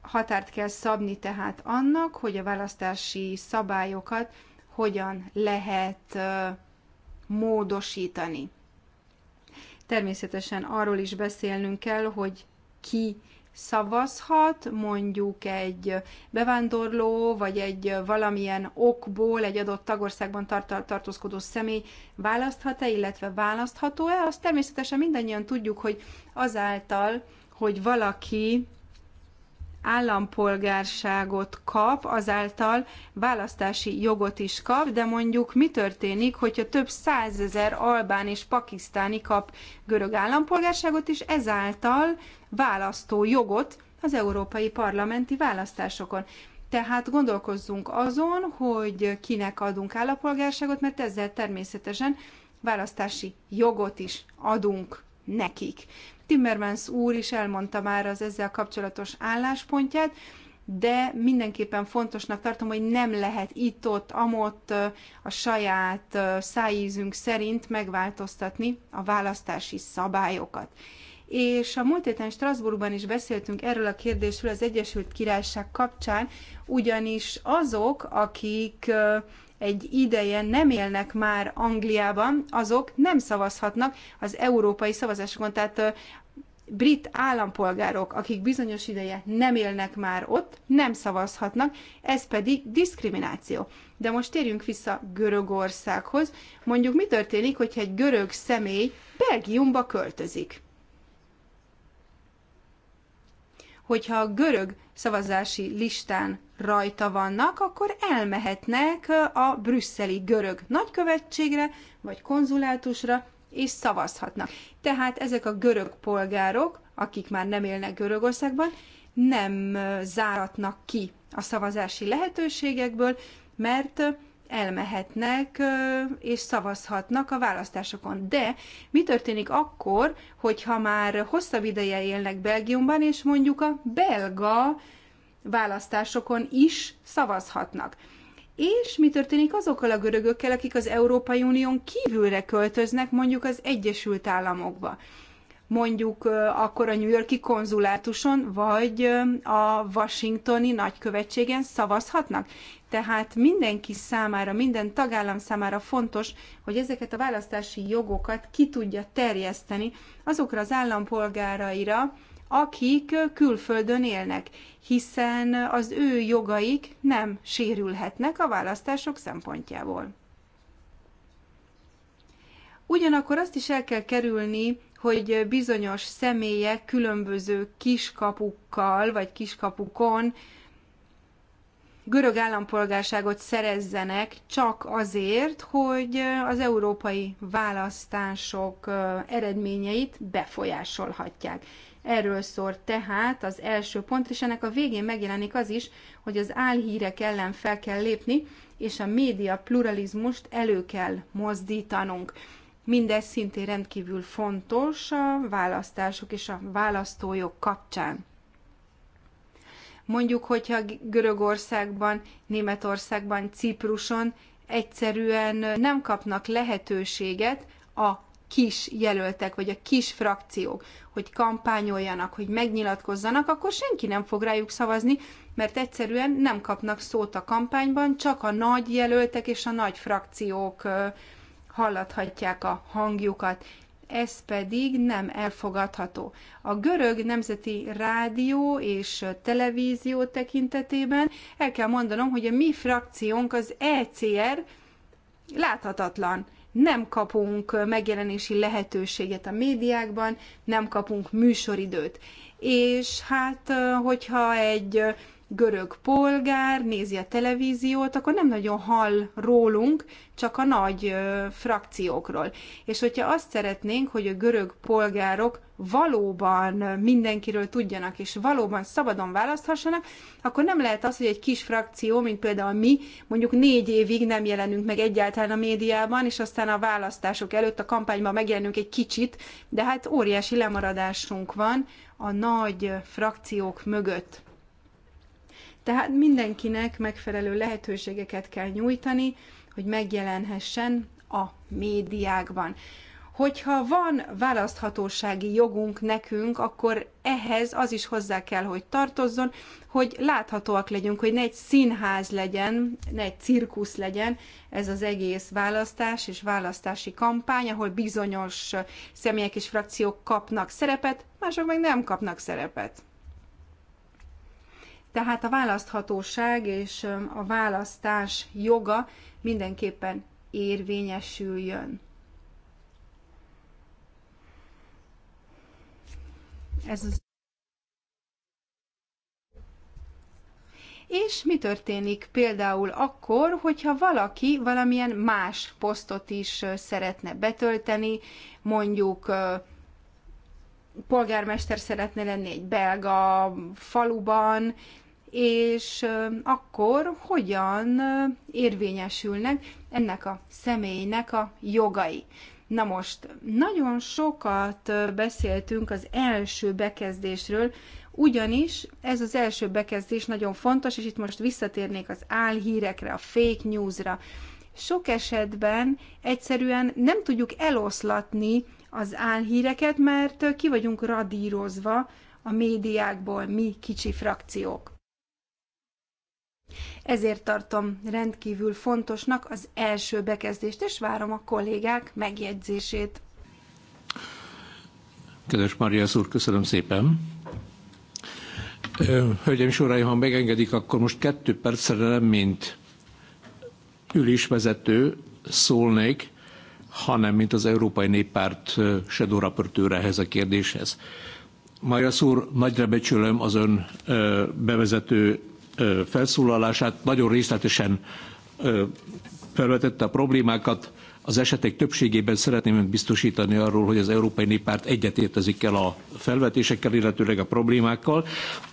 Határt kell szabni tehát annak, hogy a választási szabályokat hogyan lehet módosítani. Természetesen arról is beszélnünk kell, hogy ki szavazhat, mondjuk egy bevándorló, vagy egy valamilyen okból egy adott tagországban tart- tartózkodó személy választhat-e, illetve választható-e, azt természetesen mindannyian tudjuk, hogy azáltal, hogy valaki állampolgárságot kap, azáltal választási jogot is kap, de mondjuk mi történik, hogyha több százezer albán és pakisztáni kap görög állampolgárságot, és ezáltal választó jogot az európai parlamenti választásokon. Tehát gondolkozzunk azon, hogy kinek adunk állampolgárságot, mert ezzel természetesen választási jogot is adunk nekik. Timmermans úr is elmondta már az ezzel kapcsolatos álláspontját, de mindenképpen fontosnak tartom, hogy nem lehet itt-ott, amott a saját szájízünk szerint megváltoztatni a választási szabályokat. És a múlt héten Strasbourgban is beszéltünk erről a kérdésről az Egyesült Királyság kapcsán, ugyanis azok, akik egy ideje nem élnek már Angliában, azok nem szavazhatnak az európai szavazásokon. Tehát brit állampolgárok, akik bizonyos ideje nem élnek már ott, nem szavazhatnak, ez pedig diszkrimináció. De most térjünk vissza Görögországhoz. Mondjuk mi történik, hogyha egy görög személy Belgiumba költözik? hogyha a görög szavazási listán rajta vannak, akkor elmehetnek a brüsszeli görög nagykövetségre vagy konzulátusra, és szavazhatnak. Tehát ezek a görög polgárok, akik már nem élnek Görögországban, nem záratnak ki a szavazási lehetőségekből, mert elmehetnek és szavazhatnak a választásokon. De mi történik akkor, hogyha már hosszabb ideje élnek Belgiumban, és mondjuk a belga választásokon is szavazhatnak? És mi történik azokkal a görögökkel, akik az Európai Unión kívülre költöznek, mondjuk az Egyesült Államokba? mondjuk akkor a New Yorki konzulátuson, vagy a washingtoni nagykövetségen szavazhatnak. Tehát mindenki számára, minden tagállam számára fontos, hogy ezeket a választási jogokat ki tudja terjeszteni azokra az állampolgáraira, akik külföldön élnek, hiszen az ő jogaik nem sérülhetnek a választások szempontjából. Ugyanakkor azt is el kell kerülni, hogy bizonyos személyek különböző kiskapukkal vagy kiskapukon görög állampolgárságot szerezzenek csak azért, hogy az európai választások eredményeit befolyásolhatják. Erről szól tehát az első pont, és ennek a végén megjelenik az is, hogy az álhírek ellen fel kell lépni, és a média pluralizmust elő kell mozdítanunk. Mindez szintén rendkívül fontos a választások és a választójog kapcsán. Mondjuk, hogyha Görögországban, Németországban, Cipruson egyszerűen nem kapnak lehetőséget a kis jelöltek, vagy a kis frakciók, hogy kampányoljanak, hogy megnyilatkozzanak, akkor senki nem fog rájuk szavazni, mert egyszerűen nem kapnak szót a kampányban, csak a nagy jelöltek és a nagy frakciók hallathatják a hangjukat ez pedig nem elfogadható. A görög nemzeti rádió és televízió tekintetében el kell mondanom, hogy a mi frakciónk az ECR láthatatlan. Nem kapunk megjelenési lehetőséget a médiákban, nem kapunk műsoridőt. És hát, hogyha egy görög polgár, nézi a televíziót, akkor nem nagyon hall rólunk, csak a nagy ö, frakciókról. És hogyha azt szeretnénk, hogy a görög polgárok valóban mindenkiről tudjanak, és valóban szabadon választhassanak, akkor nem lehet az, hogy egy kis frakció, mint például mi, mondjuk négy évig nem jelenünk meg egyáltalán a médiában, és aztán a választások előtt a kampányban megjelenünk egy kicsit, de hát óriási lemaradásunk van a nagy frakciók mögött. Tehát mindenkinek megfelelő lehetőségeket kell nyújtani, hogy megjelenhessen a médiákban. Hogyha van választhatósági jogunk nekünk, akkor ehhez az is hozzá kell, hogy tartozzon, hogy láthatóak legyünk, hogy ne egy színház legyen, ne egy cirkusz legyen ez az egész választás és választási kampány, ahol bizonyos személyek és frakciók kapnak szerepet, mások meg nem kapnak szerepet. Tehát a választhatóság és a választás joga mindenképpen érvényesüljön. Ez az És mi történik például akkor, hogyha valaki valamilyen más posztot is szeretne betölteni, mondjuk polgármester szeretne lenni egy belga faluban, és akkor hogyan érvényesülnek ennek a személynek a jogai. Na most, nagyon sokat beszéltünk az első bekezdésről, ugyanis ez az első bekezdés nagyon fontos, és itt most visszatérnék az álhírekre, a fake newsra. Sok esetben egyszerűen nem tudjuk eloszlatni az álhíreket, mert ki vagyunk radírozva a médiákból mi kicsi frakciók. Ezért tartom rendkívül fontosnak az első bekezdést, és várom a kollégák megjegyzését. Kedves Maria úr, köszönöm szépen. Hölgyeim és uraim, ha megengedik, akkor most kettő percre nem mint ülésvezető szólnék, hanem mint az Európai Néppárt shadow ehhez a kérdéshez. Maria úr, nagyra becsülöm az ön bevezető felszólalását, nagyon részletesen felvetette a problémákat, az esetek többségében szeretném önt biztosítani arról, hogy az Európai Néppárt egyetértezik el a felvetésekkel, illetőleg a problémákkal.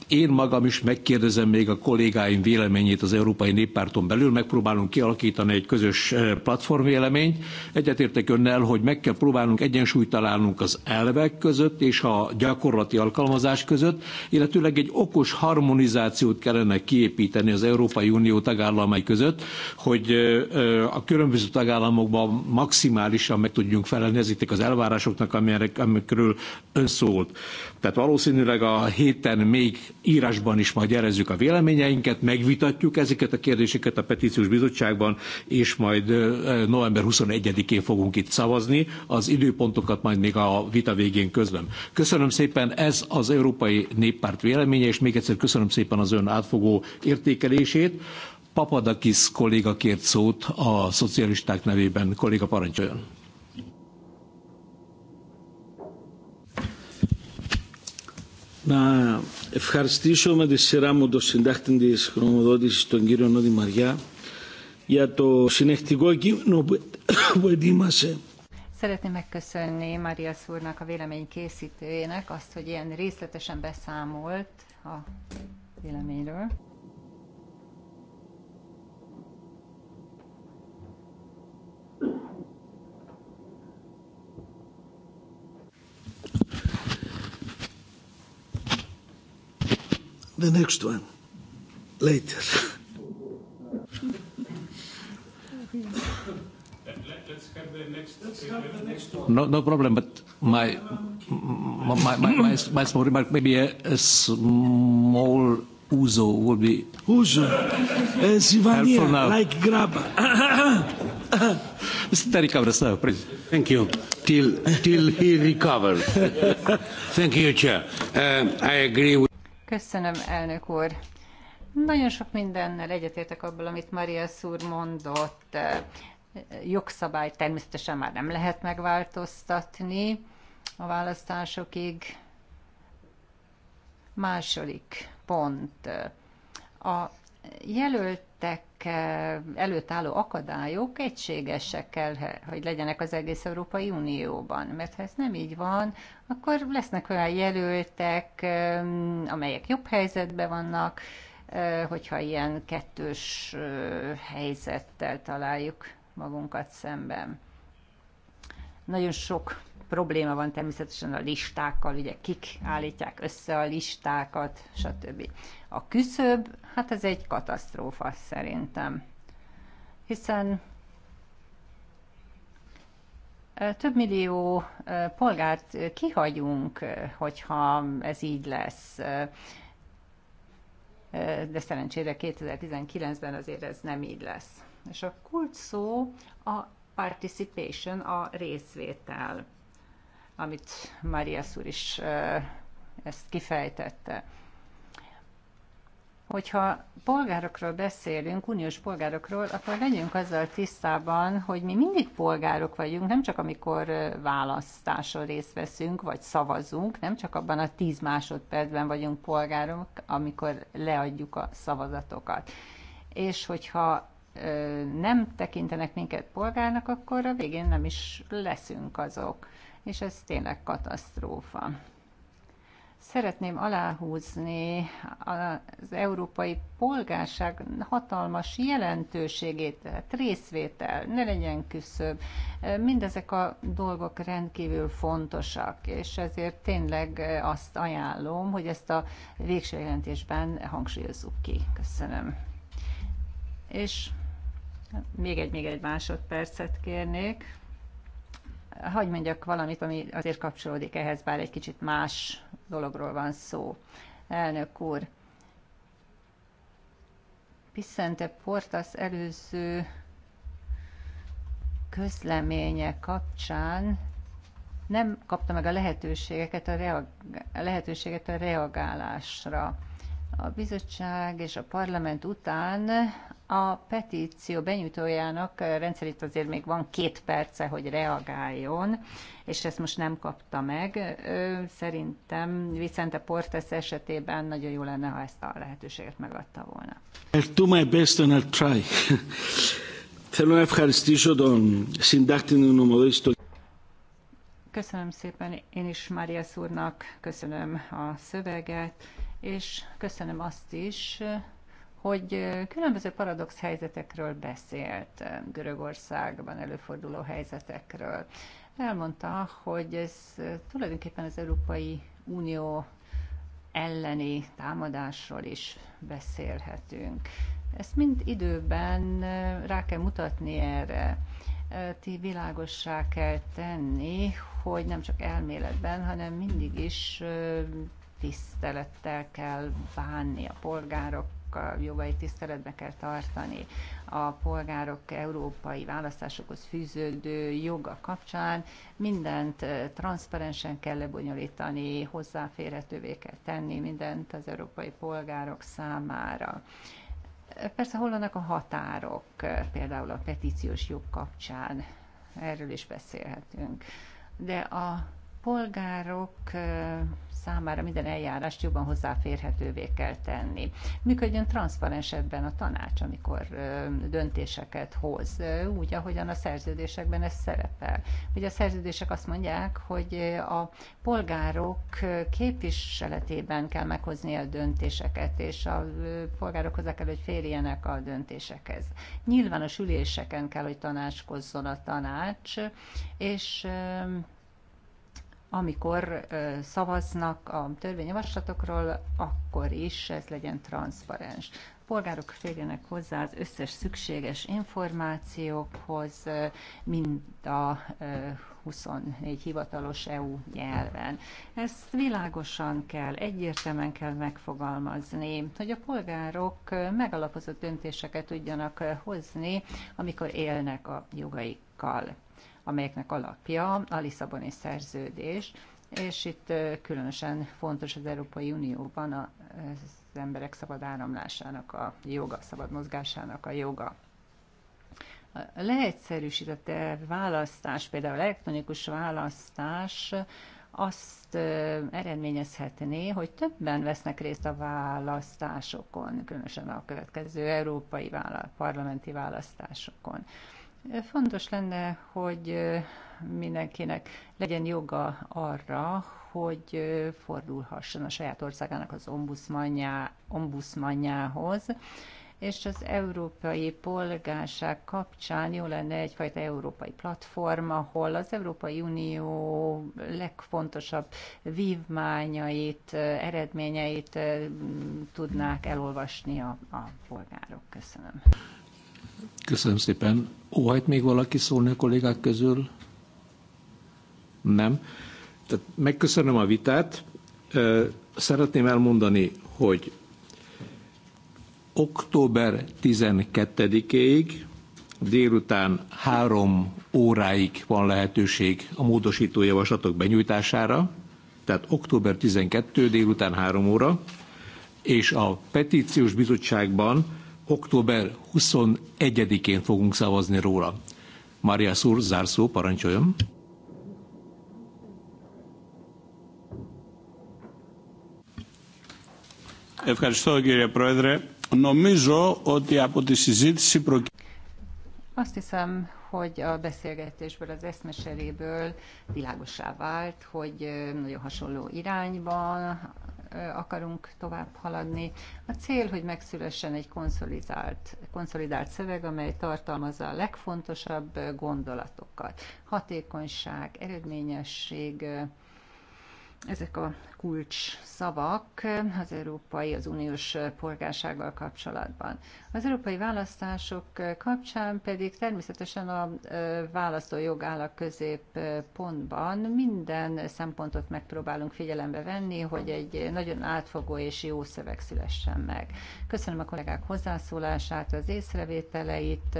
Én magam is megkérdezem még a kollégáim véleményét az Európai Néppárton belül, megpróbálunk kialakítani egy közös eh, platformvéleményt. Egyetértek önnel, hogy meg kell próbálnunk egyensúlyt találnunk az elvek között és a gyakorlati alkalmazás között, illetőleg egy okos harmonizációt kellene kiépíteni az Európai Unió tagállamai között, hogy eh, eh, a különböző tagállamokban maximálisan meg tudjunk felelni ezeknek az elvárásoknak, amikről ön szólt. Tehát valószínűleg a héten még írásban is majd jelezzük a véleményeinket, megvitatjuk ezeket a kérdéseket a petíciós bizottságban, és majd november 21-én fogunk itt szavazni. Az időpontokat majd még a vita végén közlöm. Köszönöm szépen, ez az Európai Néppárt véleménye, és még egyszer köszönöm szépen az ön átfogó értékelését. Papadakis kolléga kért szót a szocialisták nevében. Kolléga parancsoljon. Na, ευχαριστήσω με τη σειρά μου τον συντάκτη της χρονοδότησης, τον κύριο Νόδη Μαριά, για το συνεχτικό κείμενο που ετοίμασε. Szeretném megköszönni Mária Szúrnak, a vélemény készítőjének azt, hogy ilyen részletesen beszámolt a véleményről. The next one. Later. No, no problem, but my, my, my, my, my small remark, maybe a, a small Uzo will be. Uzo. Uh, Sivania, like Graba. Mr. Cabrasao, please. Thank you. Till, till he recovers. Thank you, Chair. Um, I agree with... Köszönöm, elnök úr. Nagyon sok mindennel egyetértek abból, amit Maria úr mondott. Jogszabály természetesen már nem lehet megváltoztatni a választásokig. Második pont. A jelöltek eh, előtt álló akadályok egységesek kell, hogy legyenek az egész Európai Unióban. Mert ha ez nem így van, akkor lesznek olyan jelöltek, eh, amelyek jobb helyzetben vannak, eh, hogyha ilyen kettős helyzettel találjuk magunkat szemben. Nagyon sok probléma van természetesen a listákkal, ugye kik állítják össze a listákat, stb. A küszöb, hát ez egy katasztrófa szerintem. Hiszen több millió polgárt kihagyunk, hogyha ez így lesz. De szerencsére 2019-ben azért ez nem így lesz. És a kult szó a participation, a részvétel amit Maria úr is ezt kifejtette. Hogyha polgárokról beszélünk, uniós polgárokról, akkor legyünk azzal tisztában, hogy mi mindig polgárok vagyunk, nem csak amikor választáson részt veszünk, vagy szavazunk, nem csak abban a tíz másodpercben vagyunk polgárok, amikor leadjuk a szavazatokat. És hogyha nem tekintenek minket polgárnak, akkor a végén nem is leszünk azok és ez tényleg katasztrófa. Szeretném aláhúzni az európai polgárság hatalmas jelentőségét, tehát részvétel, ne legyen küszöbb. Mindezek a dolgok rendkívül fontosak, és ezért tényleg azt ajánlom, hogy ezt a végső jelentésben hangsúlyozzuk ki. Köszönöm. És még egy, még egy másodpercet kérnék hagy mondjak valamit, ami azért kapcsolódik ehhez, bár egy kicsit más dologról van szó. Elnök úr, Piszente Portas előző közleménye kapcsán nem kapta meg a lehetőségeket a, reag- a lehetőséget a reagálásra. A bizottság és a parlament után a petíció benyújtójának rendszerint azért még van két perce, hogy reagáljon, és ezt most nem kapta meg. Szerintem Vicente Portes esetében nagyon jó lenne, ha ezt a lehetőséget megadta volna. I'll do my best and I'll try. Köszönöm szépen én is Mária úrnak, köszönöm a szöveget, és köszönöm azt is, hogy különböző paradox helyzetekről beszélt, Görögországban előforduló helyzetekről. Elmondta, hogy ez tulajdonképpen az Európai Unió elleni támadásról is beszélhetünk. Ezt mind időben rá kell mutatni erre. Ti világossá kell tenni, hogy nem csak elméletben, hanem mindig is tisztelettel kell bánni a polgárok jogai tiszteletbe kell tartani a polgárok európai választásokhoz fűződő joga kapcsán. Mindent transzparensen kell lebonyolítani, hozzáférhetővé kell tenni mindent az európai polgárok számára. Persze hol vannak a határok, például a petíciós jog kapcsán, erről is beszélhetünk. De a polgárok számára minden eljárást jobban hozzáférhetővé kell tenni. Működjön transzparensebben a tanács, amikor döntéseket hoz, úgy, ahogyan a szerződésekben ez szerepel. Ugye a szerződések azt mondják, hogy a polgárok képviseletében kell meghozni a döntéseket, és a polgárok hozzá kell, hogy férjenek a döntésekhez. Nyilvános üléseken kell, hogy tanácskozzon a tanács, és amikor szavaznak a törvényjavaslatokról, akkor is ez legyen transzparens. A polgárok férjenek hozzá az összes szükséges információkhoz, mind a 24 hivatalos EU nyelven. Ezt világosan kell, egyértelműen kell megfogalmazni, hogy a polgárok megalapozott döntéseket tudjanak hozni, amikor élnek a jogaikkal amelyeknek alapja a Lisszaboni szerződés, és itt különösen fontos az Európai Unióban az emberek szabad áramlásának a joga, szabad mozgásának a joga. A leegyszerűsített választás, például elektronikus választás, azt eredményezhetné, hogy többen vesznek részt a választásokon, különösen a következő európai vála- parlamenti választásokon. Fontos lenne, hogy mindenkinek legyen joga arra, hogy fordulhasson a saját országának az ombuszmanjá, ombuszmanjához, és az európai polgárság kapcsán jó lenne egyfajta európai platform, ahol az Európai Unió legfontosabb vívmányait, eredményeit tudnák elolvasni a, a polgárok. Köszönöm. Köszönöm szépen. Óhajt még valaki szólni a kollégák közül? Nem. Tehát megköszönöm a vitát. Szeretném elmondani, hogy október 12-ig délután három óráig van lehetőség a módosító javaslatok benyújtására, tehát október 12 délután három óra, és a petíciós bizottságban október 21-én fogunk szavazni róla. Mária Szúr, zárszó, parancsoljon. Azt hiszem, hogy a beszélgetésből, az eszmeseréből világosá vált, hogy nagyon hasonló irányban akarunk tovább haladni. A cél, hogy megszülessen egy konszolidált, konszolidált szöveg, amely tartalmazza a legfontosabb gondolatokat. Hatékonyság, eredményesség, ezek a kulcs szavak az európai, az uniós polgársággal kapcsolatban. Az európai választások kapcsán pedig természetesen a választó jogállak közép pontban Minden szempontot megpróbálunk figyelembe venni, hogy egy nagyon átfogó és jó szöveg szülessen meg. Köszönöm a kollégák hozzászólását, az észrevételeit,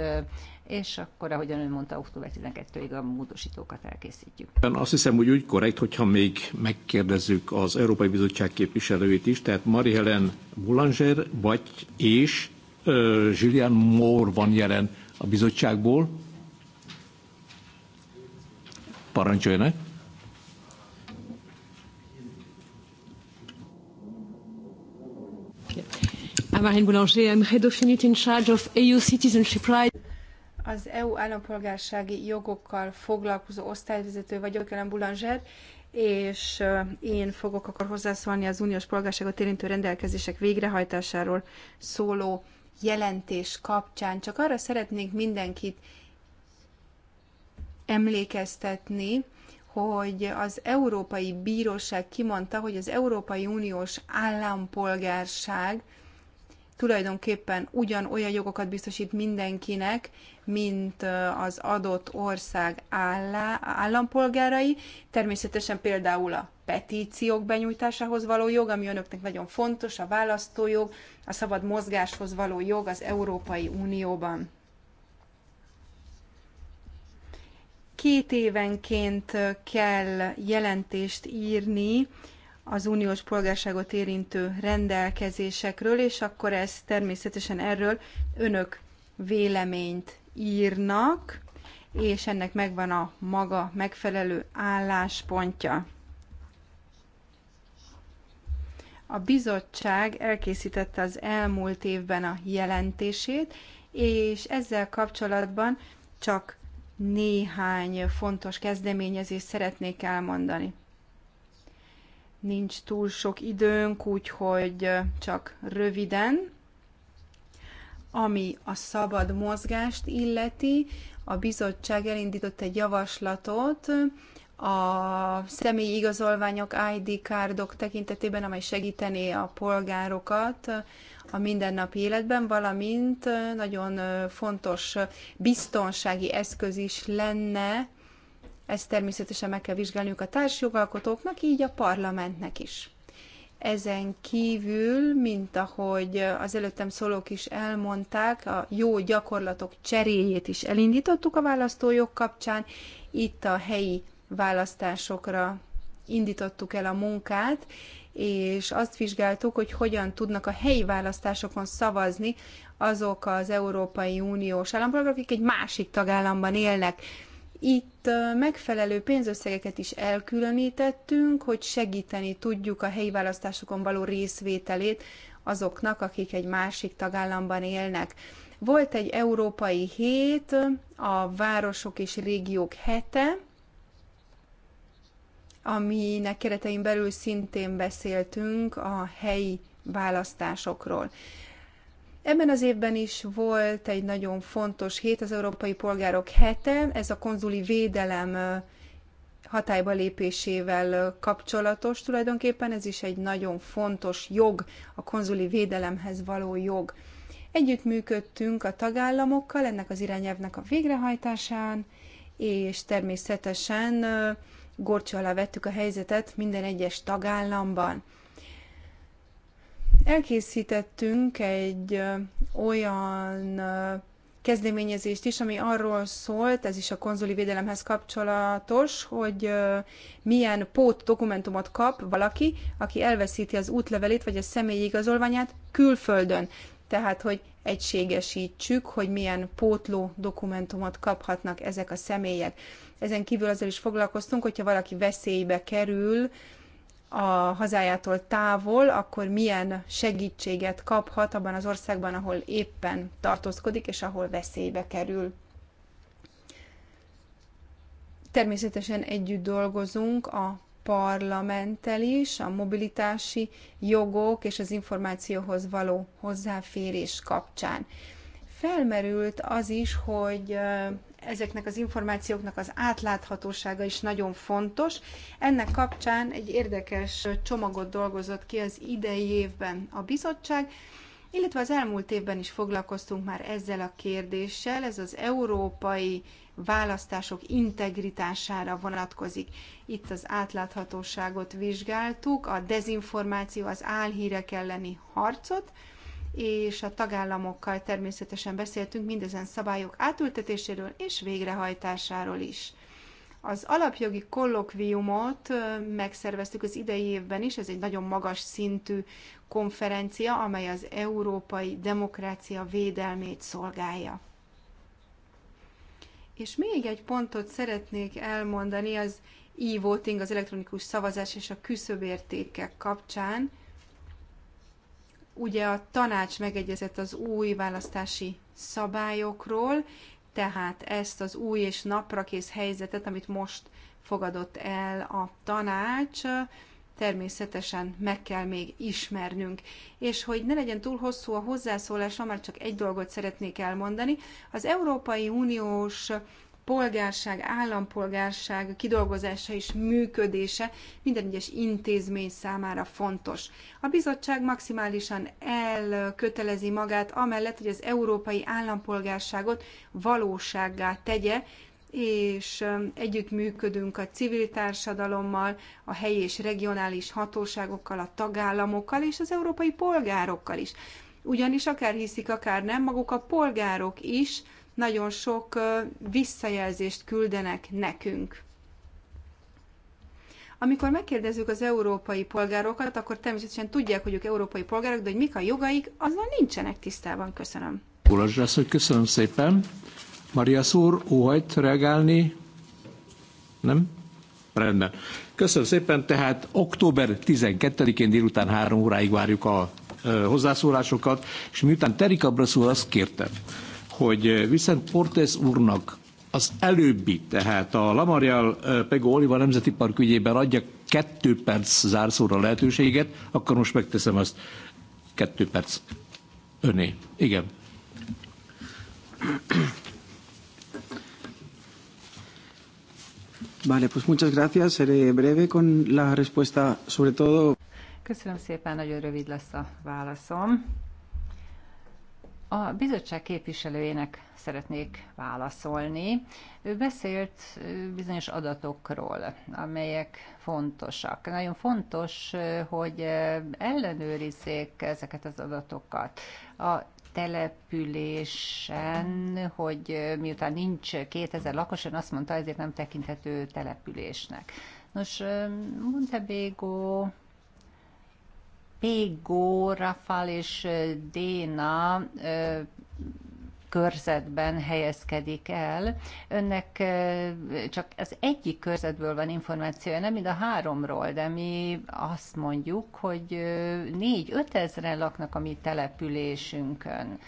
és akkor, ahogyan ön mondta, október 12-ig a módosítókat elkészítjük. Azt hiszem, hogy úgy korrekt, hogyha még megkérdezzük az Európai Bizottság képviselőit is, tehát Marie-Helen Boulanger vagy és uh, Julian Moore van jelen a bizottságból. Parancsoljanak! Marine Boulanger. I'm head of unit in charge of EU citizenship rights az EU állampolgársági jogokkal foglalkozó osztályvezető vagyok, Ellen Boulanger, és én fogok akkor hozzászólni az uniós polgárságot érintő rendelkezések végrehajtásáról szóló jelentés kapcsán. Csak arra szeretnék mindenkit emlékeztetni, hogy az Európai Bíróság kimondta, hogy az Európai Uniós állampolgárság tulajdonképpen ugyanolyan jogokat biztosít mindenkinek, mint az adott ország állá, állampolgárai. Természetesen például a petíciók benyújtásához való jog, ami önöknek nagyon fontos, a választójog, a szabad mozgáshoz való jog az Európai Unióban. Két évenként kell jelentést írni az uniós polgárságot érintő rendelkezésekről, és akkor ez természetesen erről önök véleményt írnak, és ennek megvan a maga megfelelő álláspontja. A bizottság elkészítette az elmúlt évben a jelentését, és ezzel kapcsolatban csak néhány fontos kezdeményezést szeretnék elmondani. Nincs túl sok időnk, úgyhogy csak röviden. Ami a szabad mozgást illeti, a bizottság elindított egy javaslatot a személyi igazolványok, ID kárdok tekintetében, amely segítené a polgárokat a mindennapi életben, valamint nagyon fontos biztonsági eszköz is lenne, ezt természetesen meg kell vizsgálniuk a társjogalkotóknak, így a parlamentnek is. Ezen kívül, mint ahogy az előttem szólók is elmondták, a jó gyakorlatok cseréjét is elindítottuk a választójog kapcsán. Itt a helyi választásokra indítottuk el a munkát, és azt vizsgáltuk, hogy hogyan tudnak a helyi választásokon szavazni azok az Európai Uniós állampolgárok, akik egy másik tagállamban élnek itt megfelelő pénzösszegeket is elkülönítettünk, hogy segíteni tudjuk a helyi választásokon való részvételét azoknak, akik egy másik tagállamban élnek. Volt egy európai hét, a Városok és Régiók hete, aminek keretein belül szintén beszéltünk a helyi választásokról. Ebben az évben is volt egy nagyon fontos hét, az Európai Polgárok hete, ez a konzuli védelem hatályba lépésével kapcsolatos tulajdonképpen, ez is egy nagyon fontos jog, a konzuli védelemhez való jog. Együttműködtünk a tagállamokkal ennek az irányelvnek a végrehajtásán, és természetesen gorcsó alá vettük a helyzetet minden egyes tagállamban. Elkészítettünk egy olyan kezdeményezést is, ami arról szólt, ez is a konzuli védelemhez kapcsolatos, hogy milyen pót dokumentumot kap valaki, aki elveszíti az útlevelét vagy a személyi igazolványát külföldön. Tehát, hogy egységesítsük, hogy milyen pótló dokumentumot kaphatnak ezek a személyek. Ezen kívül azzal is foglalkoztunk, hogyha valaki veszélybe kerül, a hazájától távol, akkor milyen segítséget kaphat abban az országban, ahol éppen tartózkodik és ahol veszélybe kerül. Természetesen együtt dolgozunk a parlamenttel is, a mobilitási jogok és az információhoz való hozzáférés kapcsán. Felmerült az is, hogy ezeknek az információknak az átláthatósága is nagyon fontos. Ennek kapcsán egy érdekes csomagot dolgozott ki az idei évben a bizottság, illetve az elmúlt évben is foglalkoztunk már ezzel a kérdéssel, ez az európai választások integritására vonatkozik. Itt az átláthatóságot vizsgáltuk, a dezinformáció, az álhírek elleni harcot, és a tagállamokkal természetesen beszéltünk mindezen szabályok átültetéséről és végrehajtásáról is. Az alapjogi kollokviumot megszerveztük az idei évben is, ez egy nagyon magas szintű konferencia, amely az európai demokrácia védelmét szolgálja. És még egy pontot szeretnék elmondani az e-voting, az elektronikus szavazás és a küszöbértékek kapcsán – Ugye a tanács megegyezett az új választási szabályokról, tehát ezt az új és naprakész helyzetet, amit most fogadott el a tanács, természetesen meg kell még ismernünk. És hogy ne legyen túl hosszú a hozzászólás, már csak egy dolgot szeretnék elmondani. Az Európai Uniós polgárság, állampolgárság kidolgozása és működése minden egyes intézmény számára fontos. A bizottság maximálisan elkötelezi magát amellett, hogy az európai állampolgárságot valósággá tegye, és együttműködünk a civil társadalommal, a helyi és regionális hatóságokkal, a tagállamokkal és az európai polgárokkal is. Ugyanis akár hiszik, akár nem, maguk a polgárok is nagyon sok visszajelzést küldenek nekünk. Amikor megkérdezzük az európai polgárokat, akkor természetesen tudják, hogy ők európai polgárok, de hogy mik a jogaik, azzal nincsenek tisztában. Köszönöm. Bulazs hogy köszönöm szépen. Maria úr, óhajt reagálni? Nem? Rendben. Köszönöm szépen, tehát október 12-én délután három óráig várjuk a hozzászólásokat, és miután Terika Brasszúr azt kérte, hogy Vincent Portes úrnak az előbbi, tehát a Lamarial Pego Oliva Nemzeti Park ügyében adja kettő perc zárszóra lehetőséget, akkor most megteszem azt. Kettő perc. Öné. Igen. Vale, pues muchas gracias. Seré breve con la respuesta, sobre todo. Köszönöm szépen, nagyon rövid lesz a válaszom. A bizottság képviselőjének szeretnék válaszolni. Ő beszélt bizonyos adatokról, amelyek fontosak. Nagyon fontos, hogy ellenőrizzék ezeket az adatokat. A településen, hogy miután nincs 2000 lakos, ön azt mondta, ezért nem tekinthető településnek. Nos, Montebégo Pégó, Rafal és Déna körzetben helyezkedik el. Önnek csak az egyik körzetből van információja, nem mind a háromról, de mi azt mondjuk, hogy négy, ötezren ezeren laknak a mi településünkön.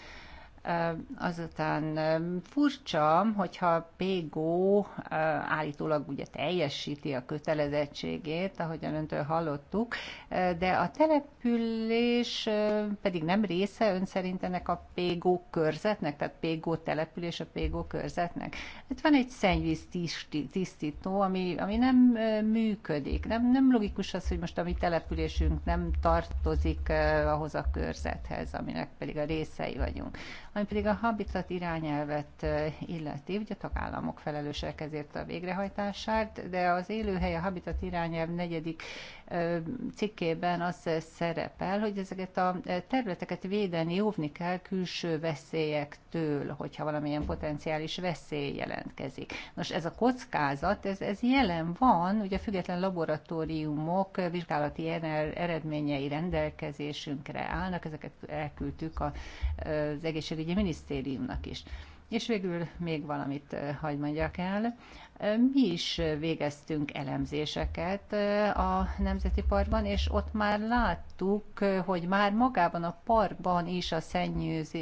Azután furcsa, hogyha Pégó állítólag ugye teljesíti a kötelezettségét, ahogyan öntől hallottuk, de a település pedig nem része ön szerint ennek a Pégó körzetnek, tehát Pégó település a Pégó körzetnek. Itt hát van egy szennyvíz tisztító, ami, ami nem működik. Nem, nem logikus az, hogy most a mi településünk nem tartozik ahhoz a körzethez, aminek pedig a részei vagyunk. Ami pedig a habitat irányelvet illeti, ugye a tagállamok felelősek ezért a végrehajtását, de az élőhely a habitat irányelv negyedik cikkében az szerepel, hogy ezeket a területeket védeni, óvni kell külső veszélyektől, hogyha valamilyen potenciális veszély jelentkezik. Nos, ez a kockázat, ez, ez jelen van, ugye a független laboratóriumok vizsgálati eredményei rendelkezésünkre állnak, ezeket elküldtük az egészségügyi minisztériumnak is. És végül még valamit hagy mondjak el. Mi is végeztünk elemzéseket a Nemzeti Parkban, és ott már láttuk, hogy már magában a parkban is a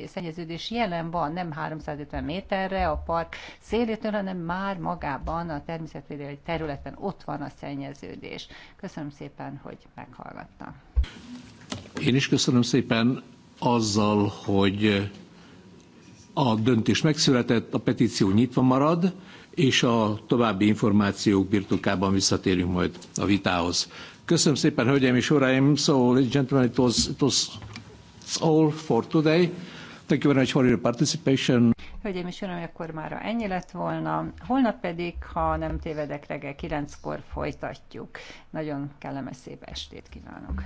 szennyeződés jelen van, nem 350 méterre a park szélétől, hanem már magában a természetvédelmi területen ott van a szennyeződés. Köszönöm szépen, hogy meghallgattam. Én is köszönöm szépen azzal, hogy a döntés megszületett, a petíció nyitva marad, és a további információk birtokában visszatérünk majd a vitához. Köszönöm szépen, hölgyeim és uraim. So, ladies and gentlemen, it was, it was all for today. Thank you very much for your participation. Hölgyeim és uraim, akkor mára ennyi lett volna. Holnap pedig, ha nem tévedek, reggel kilenckor folytatjuk. Nagyon kellemes szép estét kívánok.